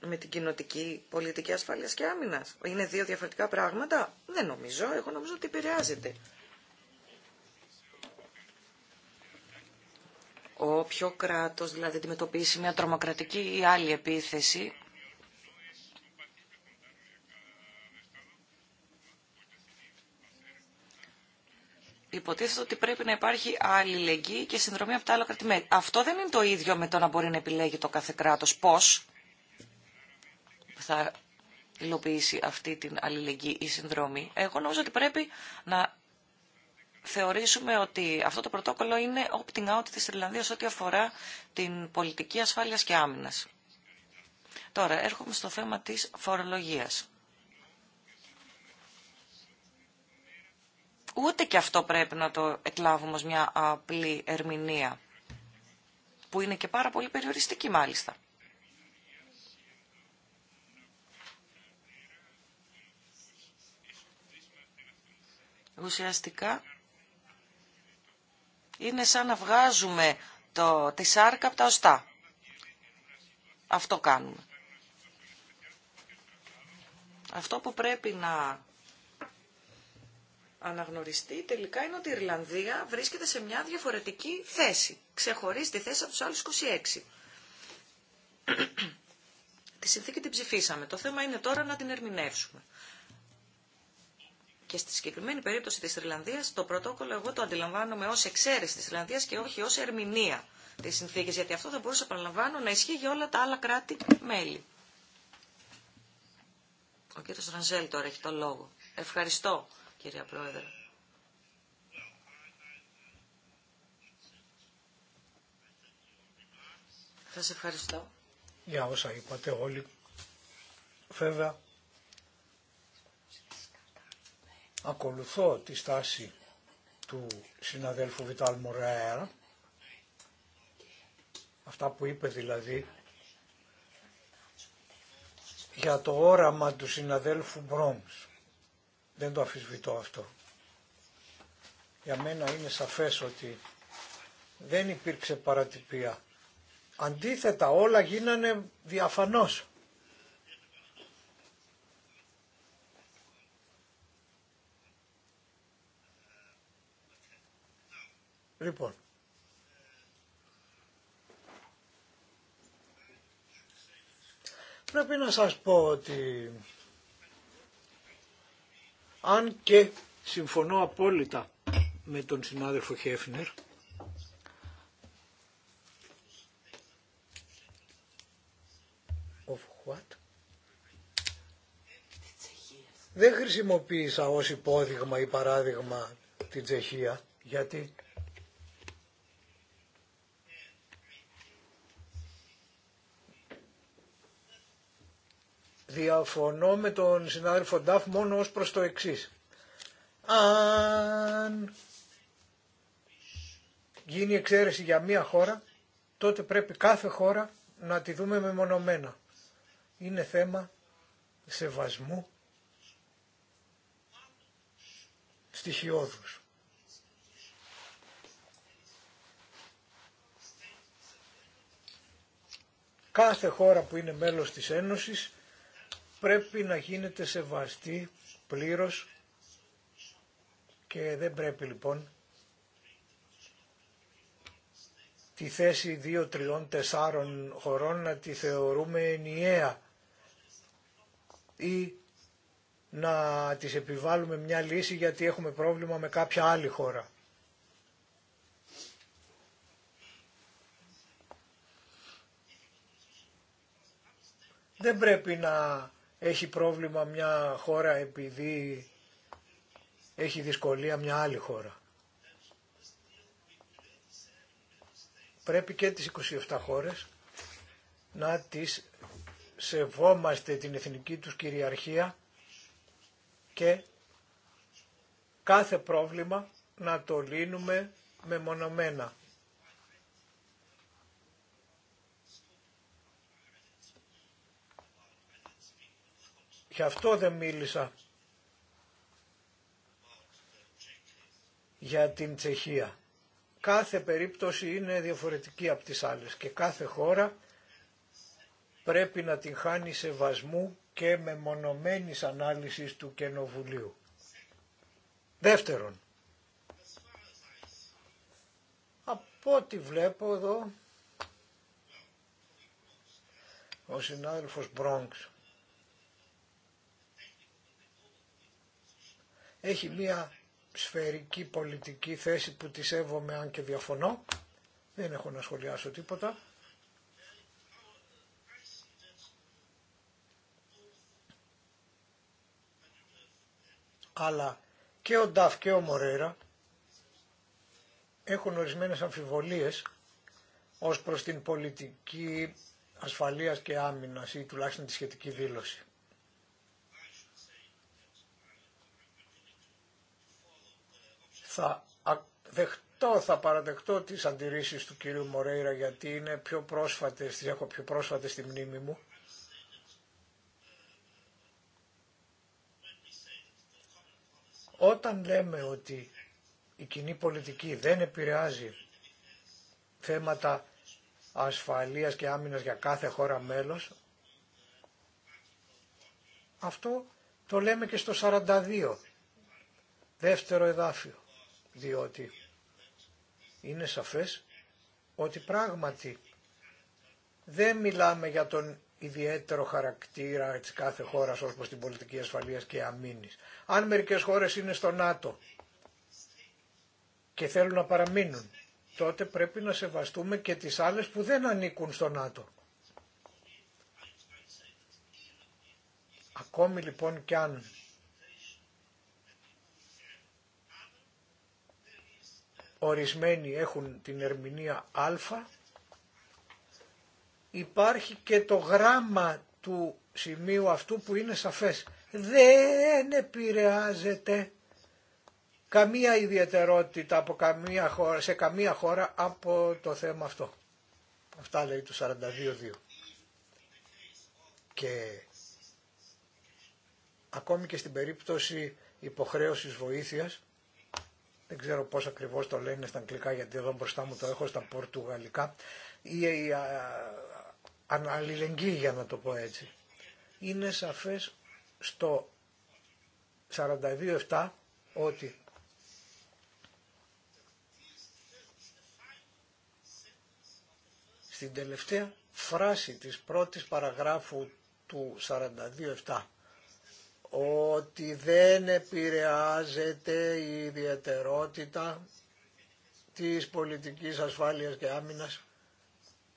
με την κοινοτική πολιτική ασφάλειας και άμυνας. Είναι δύο διαφορετικά πράγματα. Δεν νομίζω. Εγώ νομίζω ότι επηρεάζεται. Όποιο κράτος δηλαδή αντιμετωπίσει μια τρομοκρατική ή άλλη επίθεση υποτίθεται ότι πρέπει να υπάρχει αλληλεγγύη και συνδρομή από τα άλλα κρατημέλη. Αυτό δεν είναι το ίδιο με το να μπορεί να επιλέγει το κάθε κράτος πώς θα υλοποιήσει αυτή την αλληλεγγύη ή συνδρομή. Εγώ νομίζω ότι πρέπει να θεωρήσουμε ότι αυτό το πρωτόκολλο είναι opting out της Ιρλανδίας ό,τι αφορά την πολιτική ασφάλειας και άμυνας. Τώρα έρχομαι στο θέμα της φορολογίας. Ούτε και αυτό πρέπει να το εκλάβουμε ως μια απλή ερμηνεία, που είναι και πάρα πολύ περιοριστική μάλιστα. Ουσιαστικά είναι σαν να βγάζουμε το, τη σάρκα από τα οστά. Αυτό κάνουμε. Αυτό που πρέπει να αναγνωριστεί τελικά είναι ότι η Ιρλανδία βρίσκεται σε μια διαφορετική θέση. Ξεχωρίζει τη θέση από του άλλου 26. τη συνθήκη την ψηφίσαμε. Το θέμα είναι τώρα να την ερμηνεύσουμε. Και στη συγκεκριμένη περίπτωση τη Ιρλανδία, το πρωτόκολλο εγώ το αντιλαμβάνομαι ω εξαίρεση τη Ιρλανδία και όχι ω ερμηνεία τη συνθήκη. γιατί αυτό θα μπορούσε, επαναλαμβάνω, να ισχύει για όλα τα άλλα κράτη-μέλη. Ο κ. Ρανζέλ τώρα έχει το λόγο. Ευχαριστώ κυρία Πρόεδρε. Θα σε ευχαριστώ. Για όσα είπατε όλοι. Βέβαια, ακολουθώ τη στάση του συναδέλφου Βιτάλ Μορέα. Αυτά που είπε δηλαδή για το όραμα του συναδέλφου Μπρόμς. Δεν το αφισβητώ αυτό. Για μένα είναι σαφές ότι δεν υπήρξε παρατυπία. Αντίθετα όλα γίνανε διαφανώς. Λοιπόν, πρέπει να σας πω ότι αν και συμφωνώ απόλυτα με τον συνάδελφο Χέφνερ, Of what? Δεν χρησιμοποίησα ως υπόδειγμα ή παράδειγμα την Τσεχία, γιατί Διαφωνώ με τον συνάδελφο Νταφ μόνο ως προς το εξής. Αν γίνει εξαίρεση για μία χώρα, τότε πρέπει κάθε χώρα να τη δούμε μεμονωμένα. Είναι θέμα σεβασμού στοιχειώδους. Κάθε χώρα που είναι μέλος της Ένωσης πρέπει να γίνεται σεβαστή πλήρως και δεν πρέπει λοιπόν τη θέση δύο, τριών, τεσσάρων χωρών να τη θεωρούμε ενιαία ή να της επιβάλλουμε μια λύση γιατί έχουμε πρόβλημα με κάποια άλλη χώρα. Δεν πρέπει να έχει πρόβλημα μια χώρα επειδή έχει δυσκολία μια άλλη χώρα. Πρέπει και τις 27 χώρες να τις σεβόμαστε την εθνική τους κυριαρχία και κάθε πρόβλημα να το λύνουμε μεμονωμένα. Και αυτό δεν μίλησα για την Τσεχία. Κάθε περίπτωση είναι διαφορετική από τις άλλες και κάθε χώρα πρέπει να την χάνει σεβασμού και με μονομένης ανάλυσης του Κενοβουλίου. Δεύτερον, από ό,τι βλέπω εδώ, ο συνάδελφος Μπρόγκς Έχει μία σφαιρική πολιτική θέση που τη σέβομαι αν και διαφωνώ. Δεν έχω να σχολιάσω τίποτα. Αλλά και ο Νταφ και ο Μορέρα έχουν ορισμένες αμφιβολίες ως προς την πολιτική ασφαλείας και άμυνας ή τουλάχιστον τη σχετική δήλωση. θα δεχτώ, θα παραδεχτώ τις αντιρρήσεις του κυρίου Μορέιρα γιατί είναι πιο πρόσφατες, τις έχω πιο πρόσφατες στη μνήμη μου. Όταν λέμε ότι η κοινή πολιτική δεν επηρεάζει θέματα ασφαλείας και άμυνας για κάθε χώρα μέλος, αυτό το λέμε και στο 42, δεύτερο εδάφιο διότι είναι σαφές ότι πράγματι δεν μιλάμε για τον ιδιαίτερο χαρακτήρα της κάθε χώρας ως την πολιτική ασφαλείας και αμήνης. Αν μερικές χώρες είναι στο ΝΑΤΟ και θέλουν να παραμείνουν, τότε πρέπει να σεβαστούμε και τις άλλες που δεν ανήκουν στο ΝΑΤΟ. Ακόμη λοιπόν και αν ορισμένοι έχουν την ερμηνεία α, υπάρχει και το γράμμα του σημείου αυτού που είναι σαφές. Δεν επηρεάζεται καμία ιδιαιτερότητα από καμία χώρα, σε καμία χώρα από το θέμα αυτό. Αυτά λέει το 42.2. Και ακόμη και στην περίπτωση υποχρέωσης βοήθειας δεν ξέρω πώς ακριβώς το λένε στα αγγλικά γιατί εδώ μπροστά μου το έχω στα πορτουγαλικά, ή η για να το πω έτσι. Είναι σαφές στο 42.7 ότι στην τελευταία φράση της πρώτης παραγράφου του 42.7 ότι δεν επηρεάζεται η ιδιαιτερότητα της πολιτικής ασφάλειας και άμυνας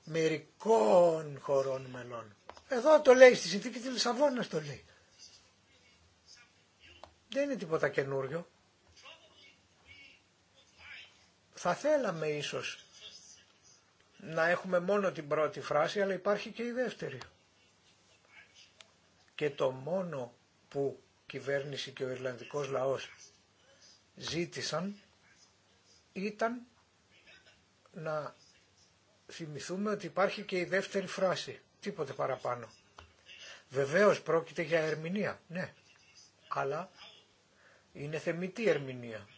μερικών χωρών μελών. Εδώ το λέει, στη συνθήκη της Λισαβόνας το λέει. Δεν είναι τίποτα καινούριο. Θα θέλαμε ίσως να έχουμε μόνο την πρώτη φράση, αλλά υπάρχει και η δεύτερη. Και το μόνο που κυβέρνηση και ο Ιρλανδικός λαός ζήτησαν ήταν να θυμηθούμε ότι υπάρχει και η δεύτερη φράση, τίποτε παραπάνω. Βεβαίως πρόκειται για ερμηνεία, ναι, αλλά είναι θεμητή ερμηνεία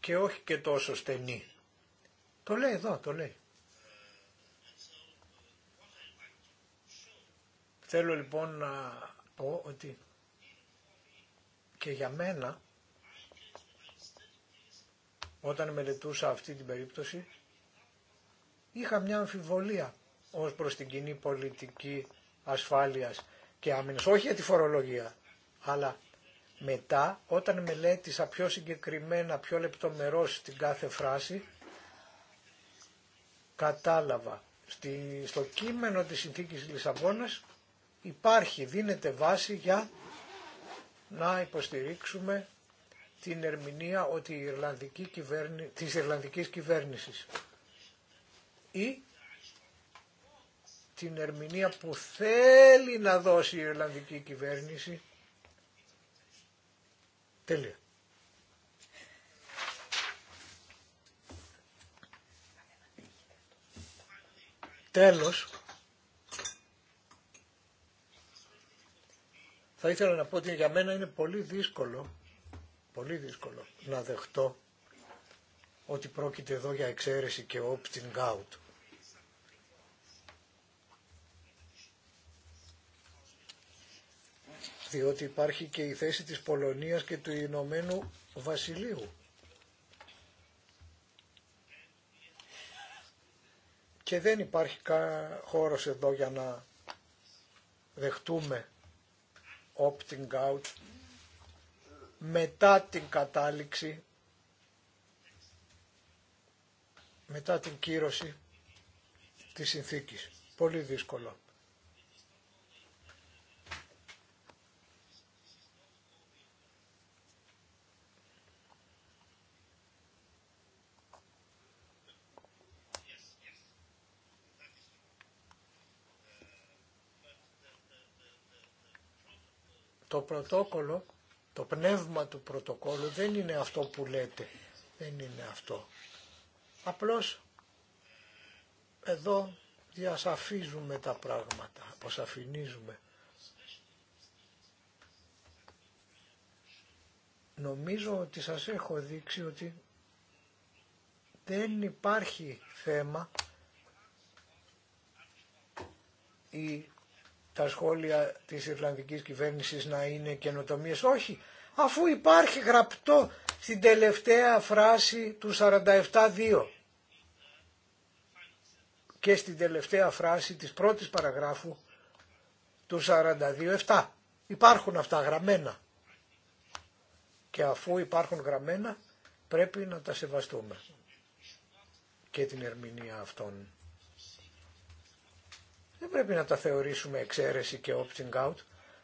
και όχι και τόσο στενή. Το λέει εδώ, το λέει. Θέλω λοιπόν να πω ότι και για μένα όταν μελετούσα αυτή την περίπτωση είχα μια αμφιβολία ως προς την κοινή πολιτική ασφάλειας και άμυνας, όχι για τη φορολογία, αλλά μετά όταν μελέτησα πιο συγκεκριμένα, πιο λεπτομερώς την κάθε φράση, κατάλαβα στο κείμενο της συνθήκης Λισαβόνας υπάρχει, δίνεται βάση για να υποστηρίξουμε την ερμηνεία ότι η Ιρλανδική κυβέρνηση, της Ιρλανδικής κυβέρνησης ή την ερμηνεία που θέλει να δώσει η Ιρλανδική κυβέρνηση. Τέλεια. Τέλος, Θα ήθελα να πω ότι για μένα είναι πολύ δύσκολο, πολύ δύσκολο να δεχτώ ότι πρόκειται εδώ για εξαίρεση και opting out. διότι υπάρχει και η θέση της Πολωνίας και του Ηνωμένου Βασιλείου. Και δεν υπάρχει χώρος εδώ για να δεχτούμε opting out μετά την κατάληξη, μετά την κύρωση της συνθήκης. Πολύ δύσκολο. Το πρωτόκολλο, το πνεύμα του πρωτοκόλλου δεν είναι αυτό που λέτε. Δεν είναι αυτό. Απλώς εδώ διασαφίζουμε τα πράγματα, αποσαφηνίζουμε. Νομίζω ότι σας έχω δείξει ότι δεν υπάρχει θέμα η τα σχόλια της Ιρλανδικής κυβέρνησης να είναι καινοτομίε. Όχι, αφού υπάρχει γραπτό στην τελευταία φράση του 47.2 και στην τελευταία φράση της πρώτης παραγράφου του 42.7. Υπάρχουν αυτά γραμμένα. Και αφού υπάρχουν γραμμένα πρέπει να τα σεβαστούμε και την ερμηνεία αυτών δεν πρέπει να τα θεωρήσουμε εξαίρεση και opting out.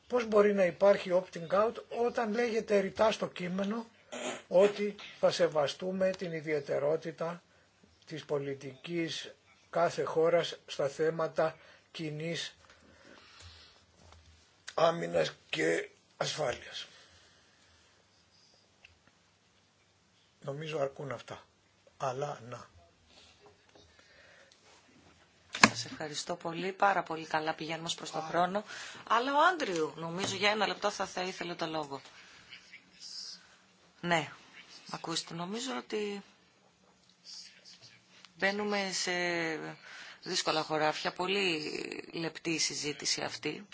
Πώς μπορεί να υπάρχει opting out όταν λέγεται ρητά στο κείμενο ότι θα σεβαστούμε την ιδιαιτερότητα της πολιτικής κάθε χώρας στα θέματα κοινή άμυνας και ασφάλειας. Νομίζω αρκούν αυτά. Αλλά να. Σας ευχαριστώ πολύ. Πάρα πολύ καλά πηγαίνουμε προς τον χρόνο. Αλλά ο Άντριου, νομίζω για ένα λεπτό θα, θα ήθελε το λόγο. Ναι, ακούστε, νομίζω ότι μπαίνουμε σε δύσκολα χωράφια. Πολύ λεπτή η συζήτηση αυτή.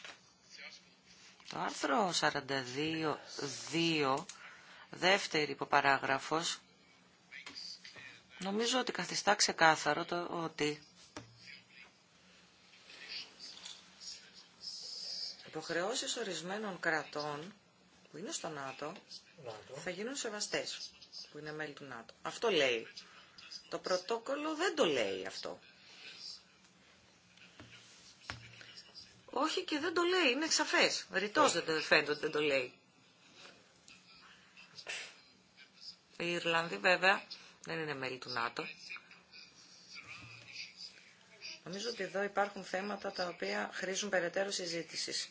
Το άρθρο 42.2, δεύτερη υποπαράγραφος, νομίζω ότι καθιστά ξεκάθαρο το ότι υποχρεώσεις ορισμένων κρατών που είναι στο ΝΑΤΟ θα γίνουν σεβαστές που είναι μέλη του ΝΑΤΟ. Αυτό λέει. Το πρωτόκολλο δεν το λέει αυτό. Όχι και δεν το λέει, είναι ξαφές. Ρητός δεν το φαίνεται ότι δεν το λέει. Οι Ιρλανδοί βέβαια δεν είναι μέλη του ΝΑΤΟ. Νομίζω ότι εδώ υπάρχουν θέματα τα οποία χρήζουν περαιτέρω συζήτηση.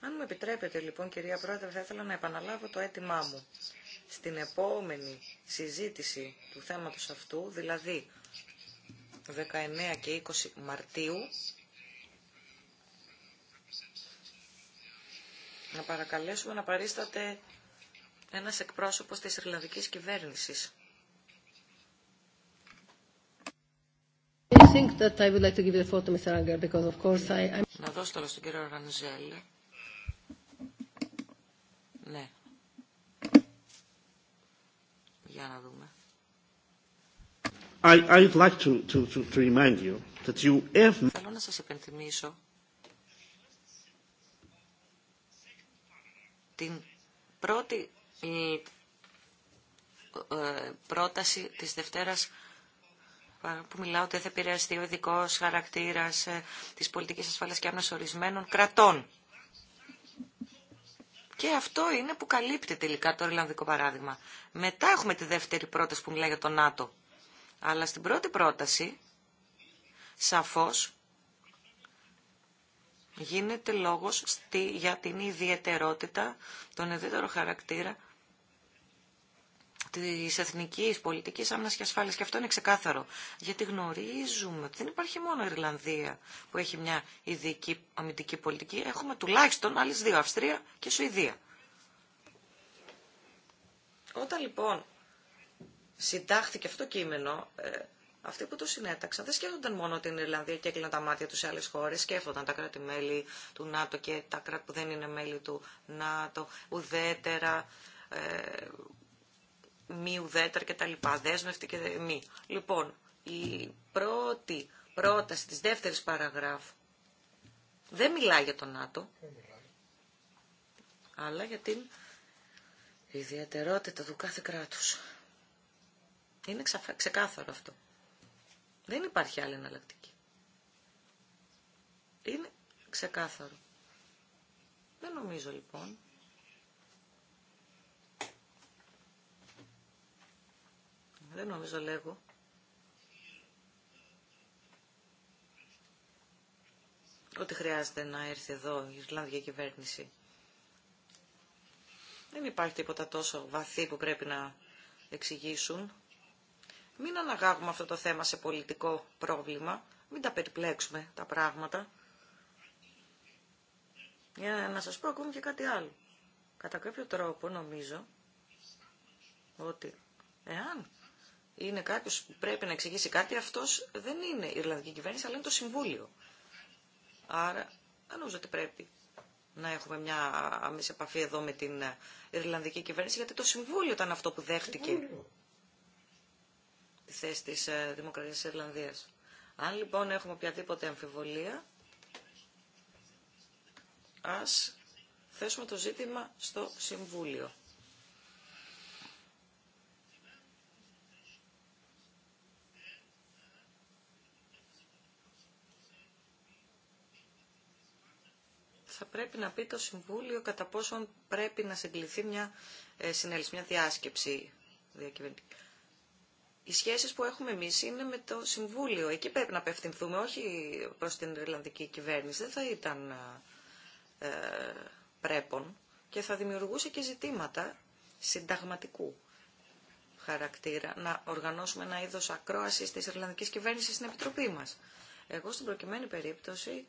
Αν μου επιτρέπετε λοιπόν κυρία Πρόεδρε θα ήθελα να επαναλάβω το αίτημά μου. Στην επόμενη συζήτηση του θέματος αυτού, δηλαδή 19 και 20 Μαρτίου, να παρακαλέσουμε να παρίσταται ένας εκπρόσωπος της Ιρλανδικής Κυβέρνησης. Να δώσω τώρα στον κύριο Ρανζέλη. Ναι. Για να δούμε. Θέλω να σας επενθυμίσω την πρώτη ε, πρόταση της Δευτέρας που μιλάω ότι θα επηρεαστεί ο ειδικό χαρακτήρα ε, τη πολιτική ασφάλεια και άμυνα ορισμένων κρατών. Και αυτό είναι που καλύπτει τελικά το Ιρλανδικό παράδειγμα. Μετά έχουμε τη δεύτερη πρόταση που μιλάει για το ΝΑΤΟ. Αλλά στην πρώτη πρόταση, σαφώς, γίνεται λόγος στη, για την ιδιαιτερότητα, των ιδιαίτερο χαρακτήρα τη εθνική πολιτικής άμυνα και ασφάλεια. Και αυτό είναι ξεκάθαρο. Γιατί γνωρίζουμε ότι δεν υπάρχει μόνο η Ιρλανδία που έχει μια ειδική αμυντική πολιτική. Έχουμε τουλάχιστον άλλε δύο, Αυστρία και Σουηδία. Όταν λοιπόν συντάχθηκε αυτό το κείμενο, ε, αυτοί που το συνέταξαν δεν σκέφτονταν μόνο την Ιρλανδία και έκλειναν τα μάτια του σε άλλε χώρε. Σκέφτονταν τα κράτη-μέλη του ΝΑΤΟ και τα κράτη που δεν είναι μέλη του ΝΑΤΟ, ουδέτερα. Ε, μη ουδέτερ και τα λοιπά, δέσμευτη και μη. Λοιπόν, η πρώτη πρόταση της δεύτερης παραγράφου δεν μιλάει για τον ΝΑΤΟ, αλλά για την ιδιαιτερότητα του κάθε κράτους. Είναι ξεκάθαρο αυτό. Δεν υπάρχει άλλη εναλλακτική. Είναι ξεκάθαρο. Δεν νομίζω λοιπόν Δεν νομίζω λέγω. Ότι χρειάζεται να έρθει εδώ η Ιρλανδική κυβέρνηση. Δεν υπάρχει τίποτα τόσο βαθύ που πρέπει να εξηγήσουν. Μην αναγάγουμε αυτό το θέμα σε πολιτικό πρόβλημα. Μην τα περιπλέξουμε τα πράγματα. Για να σας πω ακόμη και κάτι άλλο. Κατά κάποιο τρόπο νομίζω ότι εάν είναι κάποιο που πρέπει να εξηγήσει κάτι, αυτό δεν είναι η Ιρλανδική κυβέρνηση, αλλά είναι το Συμβούλιο. Άρα, δεν νομίζω ότι πρέπει να έχουμε μια άμεση επαφή εδώ με την Ιρλανδική κυβέρνηση, γιατί το Συμβούλιο ήταν αυτό που δέχτηκε τη θέση τη ε, Δημοκρατίας της Ιρλανδίας. Αν λοιπόν έχουμε οποιαδήποτε αμφιβολία, ας θέσουμε το ζήτημα στο Συμβούλιο. θα πρέπει να πει το Συμβούλιο κατά πόσον πρέπει να συγκληθεί μια ε, συνέλευση, μια διάσκεψη διακυβερνητική. Οι σχέσεις που έχουμε εμείς είναι με το Συμβούλιο. Εκεί πρέπει να απευθυνθούμε, όχι προς την Ιρλανδική κυβέρνηση. Δεν θα ήταν ε, ε πρέπον και θα δημιουργούσε και ζητήματα συνταγματικού χαρακτήρα. Να οργανώσουμε ένα είδος ακρόασης της Ιρλανδικής κυβέρνησης στην Επιτροπή μας. Εγώ στην προκειμένη περίπτωση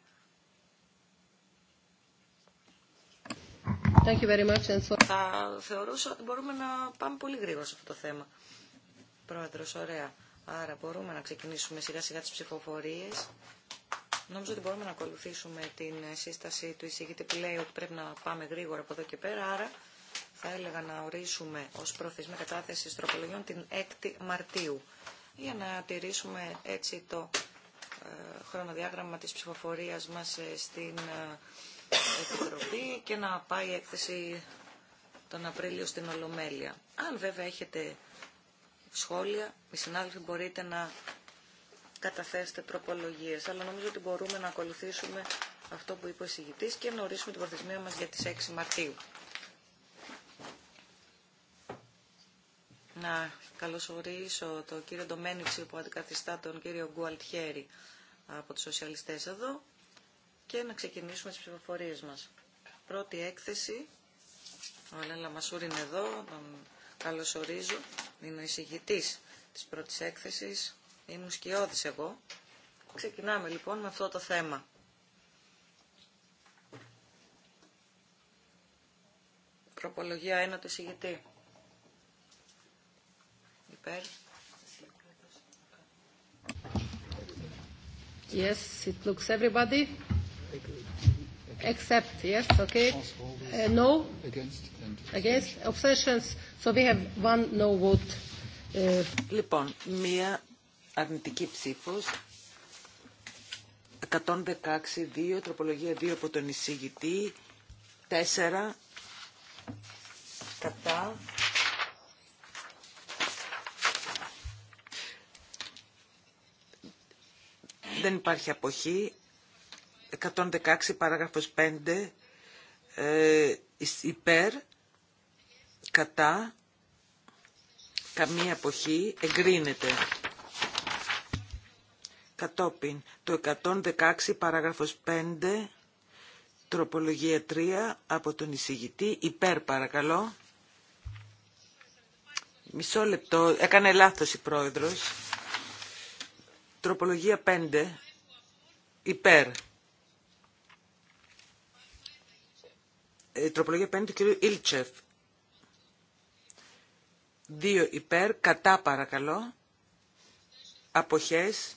Θα θεωρούσα ότι μπορούμε να πάμε πολύ γρήγορα σε αυτό το θέμα. Πρόεδρος, ωραία. Άρα μπορούμε να ξεκινήσουμε σιγά σιγά τις ψηφοφορίες. Νομίζω ότι μπορούμε να ακολουθήσουμε την σύσταση του εισηγητή που λέει ότι πρέπει να πάμε γρήγορα από εδώ και πέρα. Άρα θα έλεγα να ορίσουμε ως προθεσμία κατάθεση τροπολογιών την 6η Μαρτίου για να τηρήσουμε έτσι το ε, χρονοδιάγραμμα της ψηφοφορίας μας ε, στην ε, Επιτροπή και να πάει η έκθεση τον Απρίλιο στην Ολομέλεια. Αν βέβαια έχετε σχόλια, οι συνάδελφοι μπορείτε να καταθέσετε προπολογίες, αλλά νομίζω ότι μπορούμε να ακολουθήσουμε αυτό που είπε ο εισηγητής και να ορίσουμε την προθεσμία μας για τις 6 Μαρτίου. Να καλωσορίσω τον κύριο Ντομένιξη που αντικαθιστά τον κύριο Γκουαλτιέρη από τους σοσιαλιστές εδώ και να ξεκινήσουμε τις ψηφοφορίες μας. Πρώτη έκθεση, ο Αλέν Λαμασούρ είναι εδώ, τον καλωσορίζω, είναι ο εισηγητής της πρώτης έκθεσης, ήμουν σκιώδης εγώ. Ξεκινάμε λοιπόν με αυτό το θέμα. Προπολογία 1 του εισηγητή. Υπέρ. Yes, it looks everybody. Except, yes, okay. Uh, no? Against. Against. So we have one no vote. Uh, λοιπόν, μία αρνητική ψήφος. 116, 2, τροπολογία 2 από τον εισηγητή, 4, κατά, δεν υπάρχει αποχή, 116 παράγραφος 5 ε, υπέρ κατά καμία αποχή εγκρίνεται. Κατόπιν το 116 παράγραφος 5 τροπολογία 3 από τον εισηγητή υπέρ παρακαλώ. Μισό λεπτό, έκανε λάθος η πρόεδρος. Τροπολογία 5 υπέρ Ε, τροπολογία 5 του κυρίου Ιλτσεφ. Δύο υπέρ, κατά παρακαλώ, αποχές.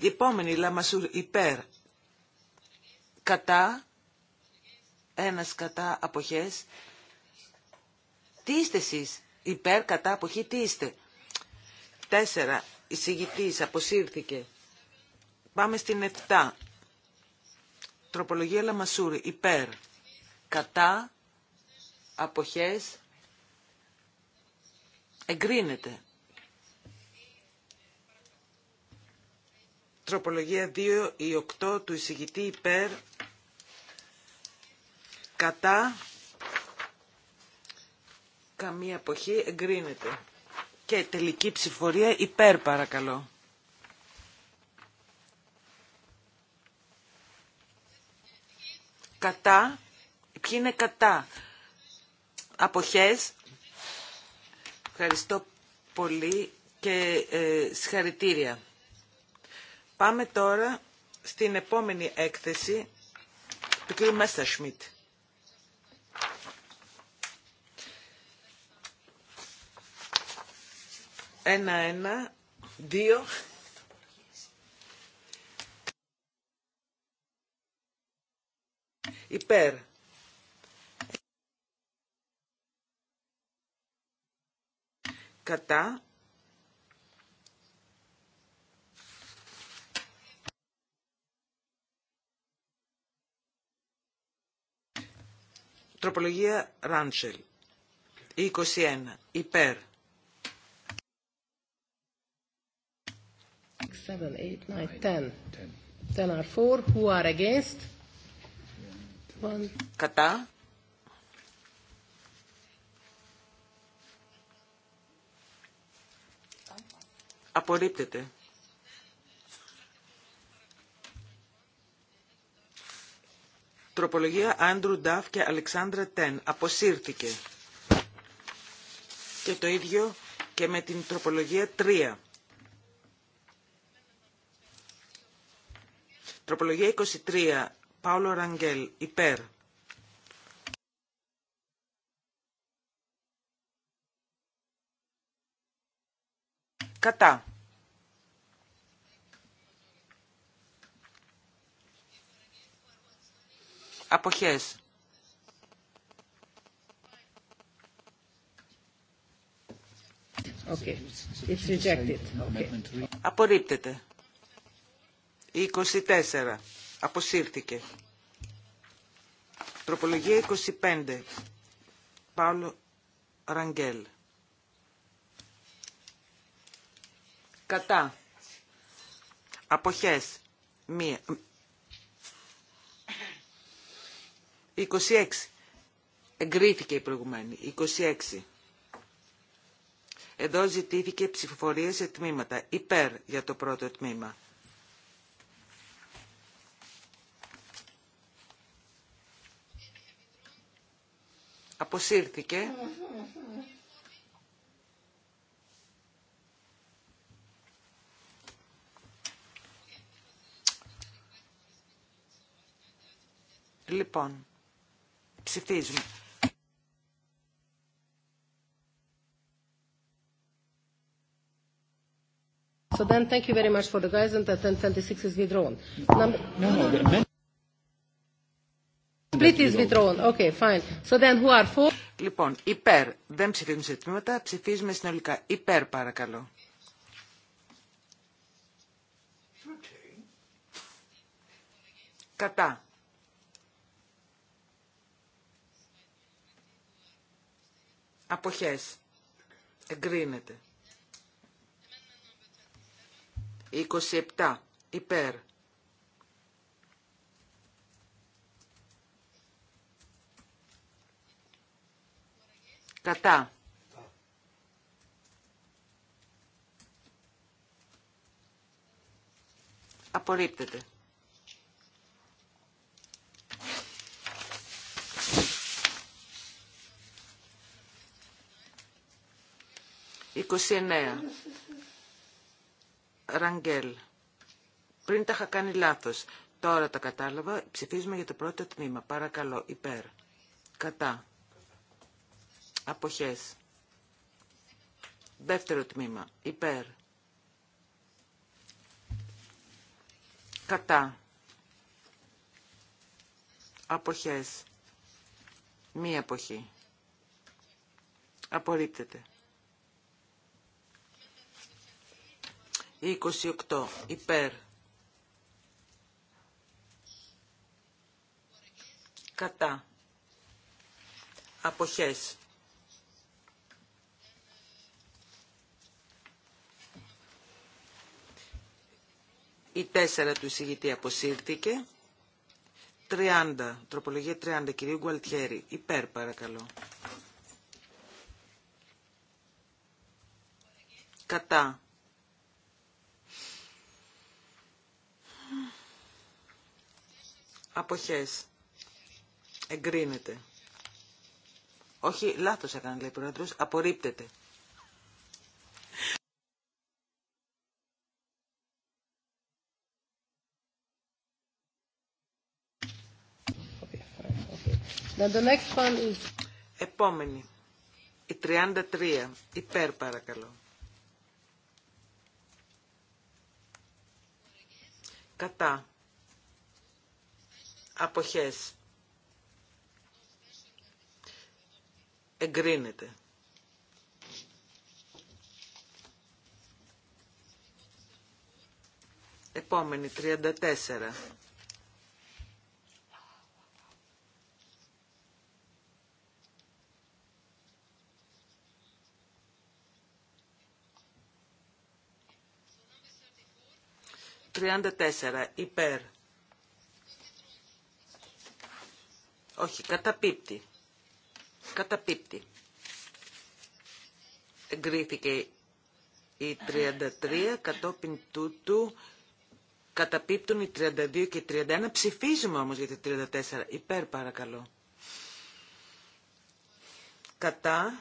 Η επόμενη Λαμασούρ υπέρ, κατά, ένας κατά αποχές. Τι είστε εσείς, Υπέρ, κατά, αποχή, τι είστε. Τέσσερα, εισηγητής, αποσύρθηκε. Πάμε στην εφτά. Τροπολογία Λαμασούρη, υπέρ. Κατά, αποχές, εγκρίνεται. Τροπολογία 2 ή 8 του εισηγητή υπέρ κατά Καμία αποχή εγκρίνεται. Και τελική ψηφορία υπέρ παρακαλώ. Κατά. Ποιοι είναι κατά. Αποχές. Ευχαριστώ πολύ και ε, συγχαρητήρια. Πάμε τώρα στην επόμενη έκθεση του κ. Μέστα Σμιτ. Ένα, ένα, δύο. Υπέρ. Κατά. Τροπολογία Ράντσελ. 21. Υπέρ. seven, eight, nine, ten. Ten are four. Who are against? One. Κατά. Απορρίπτεται. Τροπολογία Άντρου Νταφ και Αλεξάνδρα Τεν. Αποσύρθηκε. Και το ίδιο και με την τροπολογία 3. Τροπολογία 23. Πάολο Ραγγέλ. Υπέρ. Κατά. Αποχές. Okay. It's rejected. Okay. Απορρίπτεται. 24. Αποσύρθηκε. Τροπολογία 25. Παύλο Ραγγέλ. Κατά. Αποχές. Μία. 26. Εγκρίθηκε η προηγουμένη. 26. Εδώ ζητήθηκε ψηφοφορία σε τμήματα. Υπέρ για το πρώτο τμήμα. Αποσύρθηκε. Λοιπόν, ψηφίζουμε. So then thank you very much for the guys and the 1026 is withdrawn. Λοιπόν, υπέρ. Δεν ψηφίζουμε σε τμήματα, ψηφίζουμε συνολικά. Υπέρ, παρακαλώ. Κατά. Αποχές. Εγκρίνεται. 27. Υπέρ. Κατά. Απορρίπτεται. Είκοσι εννέα. Ραγγέλ. Πριν τα είχα κάνει λάθος. Τώρα τα κατάλαβα. Ψηφίζουμε για το πρώτο τμήμα. Παρακαλώ. Υπέρ. Κατά αποχές. Δεύτερο τμήμα, υπέρ. Κατά. Αποχές. Μία αποχή. Απορρίπτεται. 28. Υπέρ. Κατά. Αποχές. Η τέσσερα του εισηγητή αποσύρθηκε. 30, τροπολογία 30, κυρίου Γκουαλτιέρη. Υπέρ παρακαλώ. Κατά. Αποχές. Εγκρίνεται. Όχι, λάθος έκανε λέει πρόεδρος. Απορρίπτεται. Then the next one is... Επόμενη. Η 33. Υπέρ παρακαλώ. Κατά. Αποχές. Εγκρίνεται. Επόμενη. 34. 34 υπέρ. Όχι, καταπίπτει. Καταπίπτει. Εγκρίθηκε η 33 κατόπιν τούτου. Καταπίπτουν οι 32 και οι 31. Ψηφίζουμε όμως για τη 34. Υπέρ παρακαλώ. Κατά.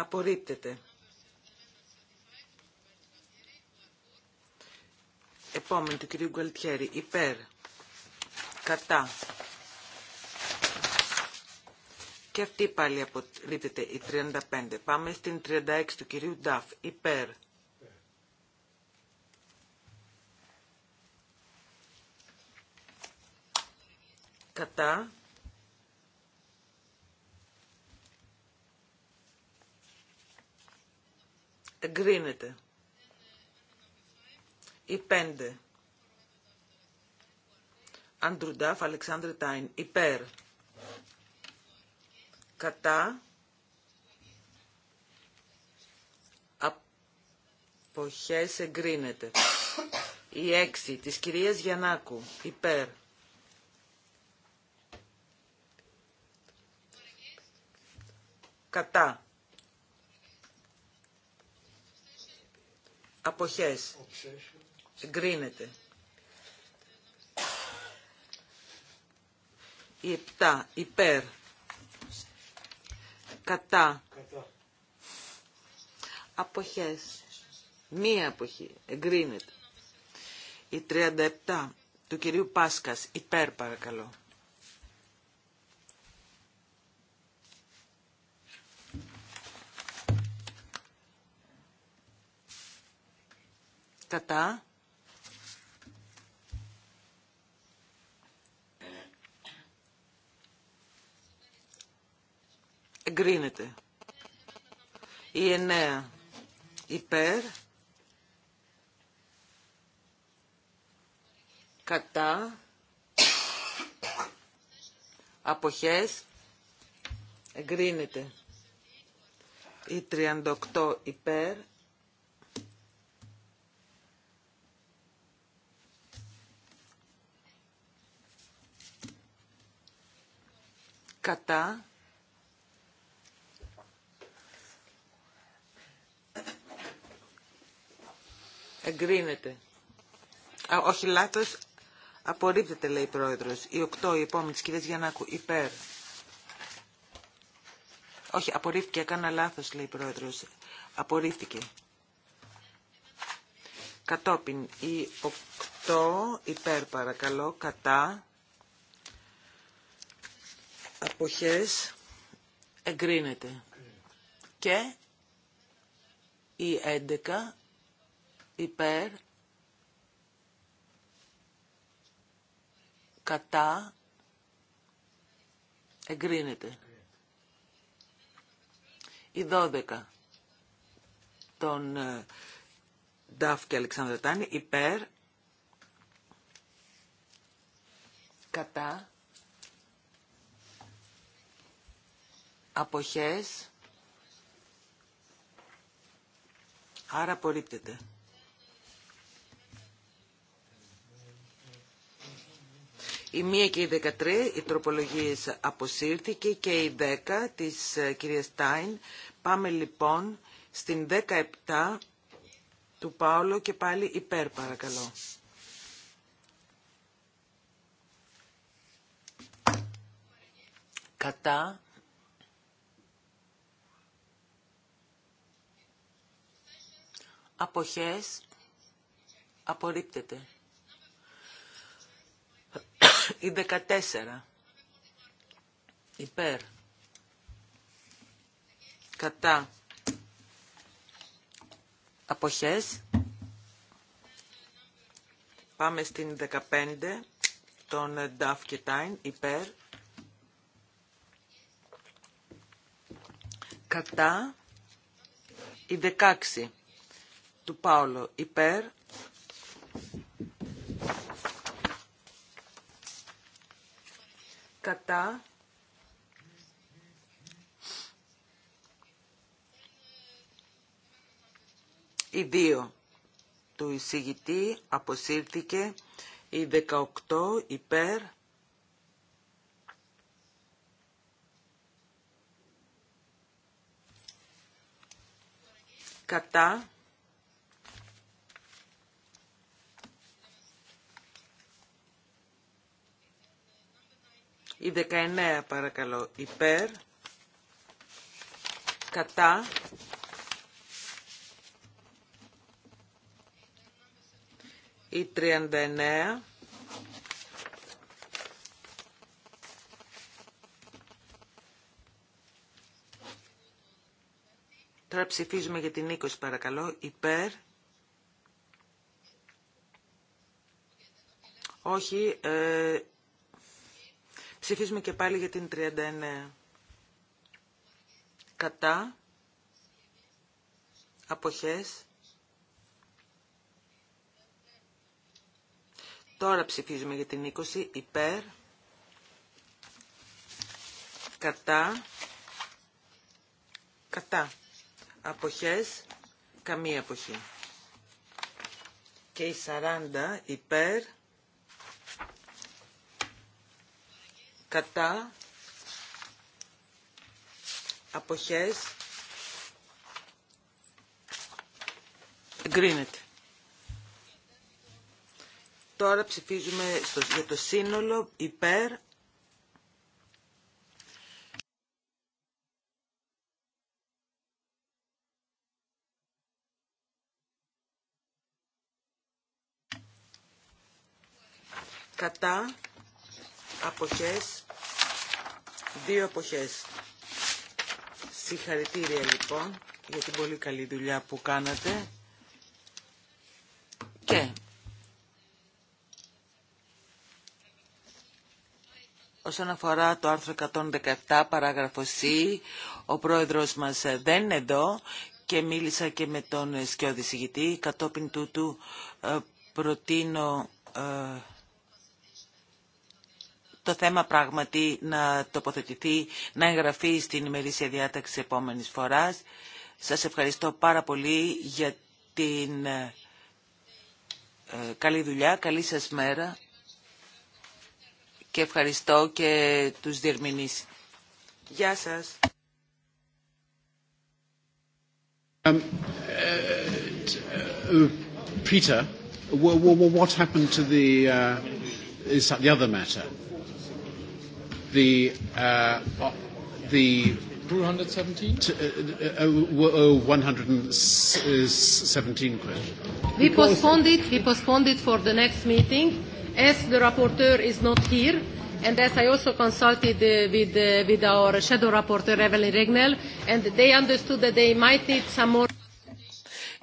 Απορρίπτεται. Επόμενη του κυρίου Γκουαλτιέρη. Υπέρ. Κατά. Και αυτή πάλι απορρίπτεται η 35. Πάμε στην 36 του κυρίου Νταφ. Υπέρ. Κατά. εγκρίνεται. Η πέντε. Αντρουντάφ Αλεξάνδρε Τάιν. Υπέρ. Κατά. Αποχές εγκρίνεται. Η έξι. Της κυρίας Γιαννάκου. Υπέρ. Κατά. αποχές εγκρίνεται. Η 7 υπέρ κατά αποχές μία αποχή εγκρίνεται. Η 37 του κυρίου Πάσκας υπέρ παρακαλώ. κατά εγκρίνεται. Η 9 υπέρ κατά αποχές εγκρίνεται. Η 38 υπέρ κατά εγκρίνεται. Α, όχι λάθος, απορρίπτεται λέει η πρόεδρος. Η οκτώ, η επόμενη της κυρίας Γιαννάκου, υπέρ. Όχι, απορρίφθηκε, έκανα λάθος λέει η πρόεδρος. Απορρίφθηκε. Κατόπιν η οκτώ, υπέρ παρακαλώ, κατά, αποχές εγκρίνεται. Και η 11 υπέρ κατά εγκρίνεται. Η 12 των ε, Ντάφ και Αλεξανδρετάνη υπέρ κατά αποχές, άρα απορρίπτεται. Η 1 και η 13, οι τροπολογίες αποσύρθηκε και η 10 της ε, κυρία Στάιν. Πάμε λοιπόν στην 17 του Πάολο και πάλι υπέρ παρακαλώ. Κατά αποχές απορρίπτεται. Η 14 υπέρ κατά αποχές. Πάμε στην 15 Τον Νταφ και Τάιν υπέρ κατά η 16 του Πάολο υπέρ. Κατά. Οι δύο του εισηγητή αποσύρθηκε η 18 υπέρ κατά Η 19 παρακαλώ υπέρ, κατά, η 39 Τώρα ψηφίζουμε για την 20 παρακαλώ, υπέρ. Όχι, ε, Ψηφίζουμε και πάλι για την 39. Κατά. Αποχές. Τώρα ψηφίζουμε για την 20. Υπέρ. Κατά. Κατά. Αποχές. Καμία αποχή. Και η 40 υπέρ κατά αποχές εγκρίνεται. Τώρα ψηφίζουμε στο, για το σύνολο υπέρ κατά εποχές, δύο εποχές. Συγχαρητήρια λοιπόν για την πολύ καλή δουλειά που κάνατε και όσον αφορά το άρθρο 117 παράγραφο C, ο πρόεδρος μας δεν είναι εδώ και μίλησα και με τον σκιώδη συγητή. Κατόπιν τούτου ε, προτείνω ε, το θέμα πράγματι να τοποθετηθεί, να εγγραφεί στην ημερήσια διάταξη επόμενη επόμενης φοράς. Σας ευχαριστώ πάρα πολύ για την ε, καλή δουλειά, καλή σας μέρα και ευχαριστώ και τους διερμηνείς. Γεια σας. Um, uh, uh, what happened to the, uh, is that the other matter? the uh, the 217 117 question. We postponed it. We postponed it for the next meeting, as the rapporteur is not here. And as I also consulted with with our shadow rapporteur Evelyn Regnell, and they understood that they might need some more.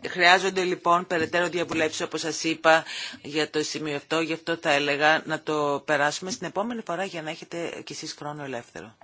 Χρειάζονται λοιπόν περαιτέρω διαβουλεύσει, όπως σα είπα για το σημείο αυτό. Γι' αυτό θα έλεγα να το περάσουμε στην επόμενη φορά για να έχετε κι εσεί χρόνο ελεύθερο.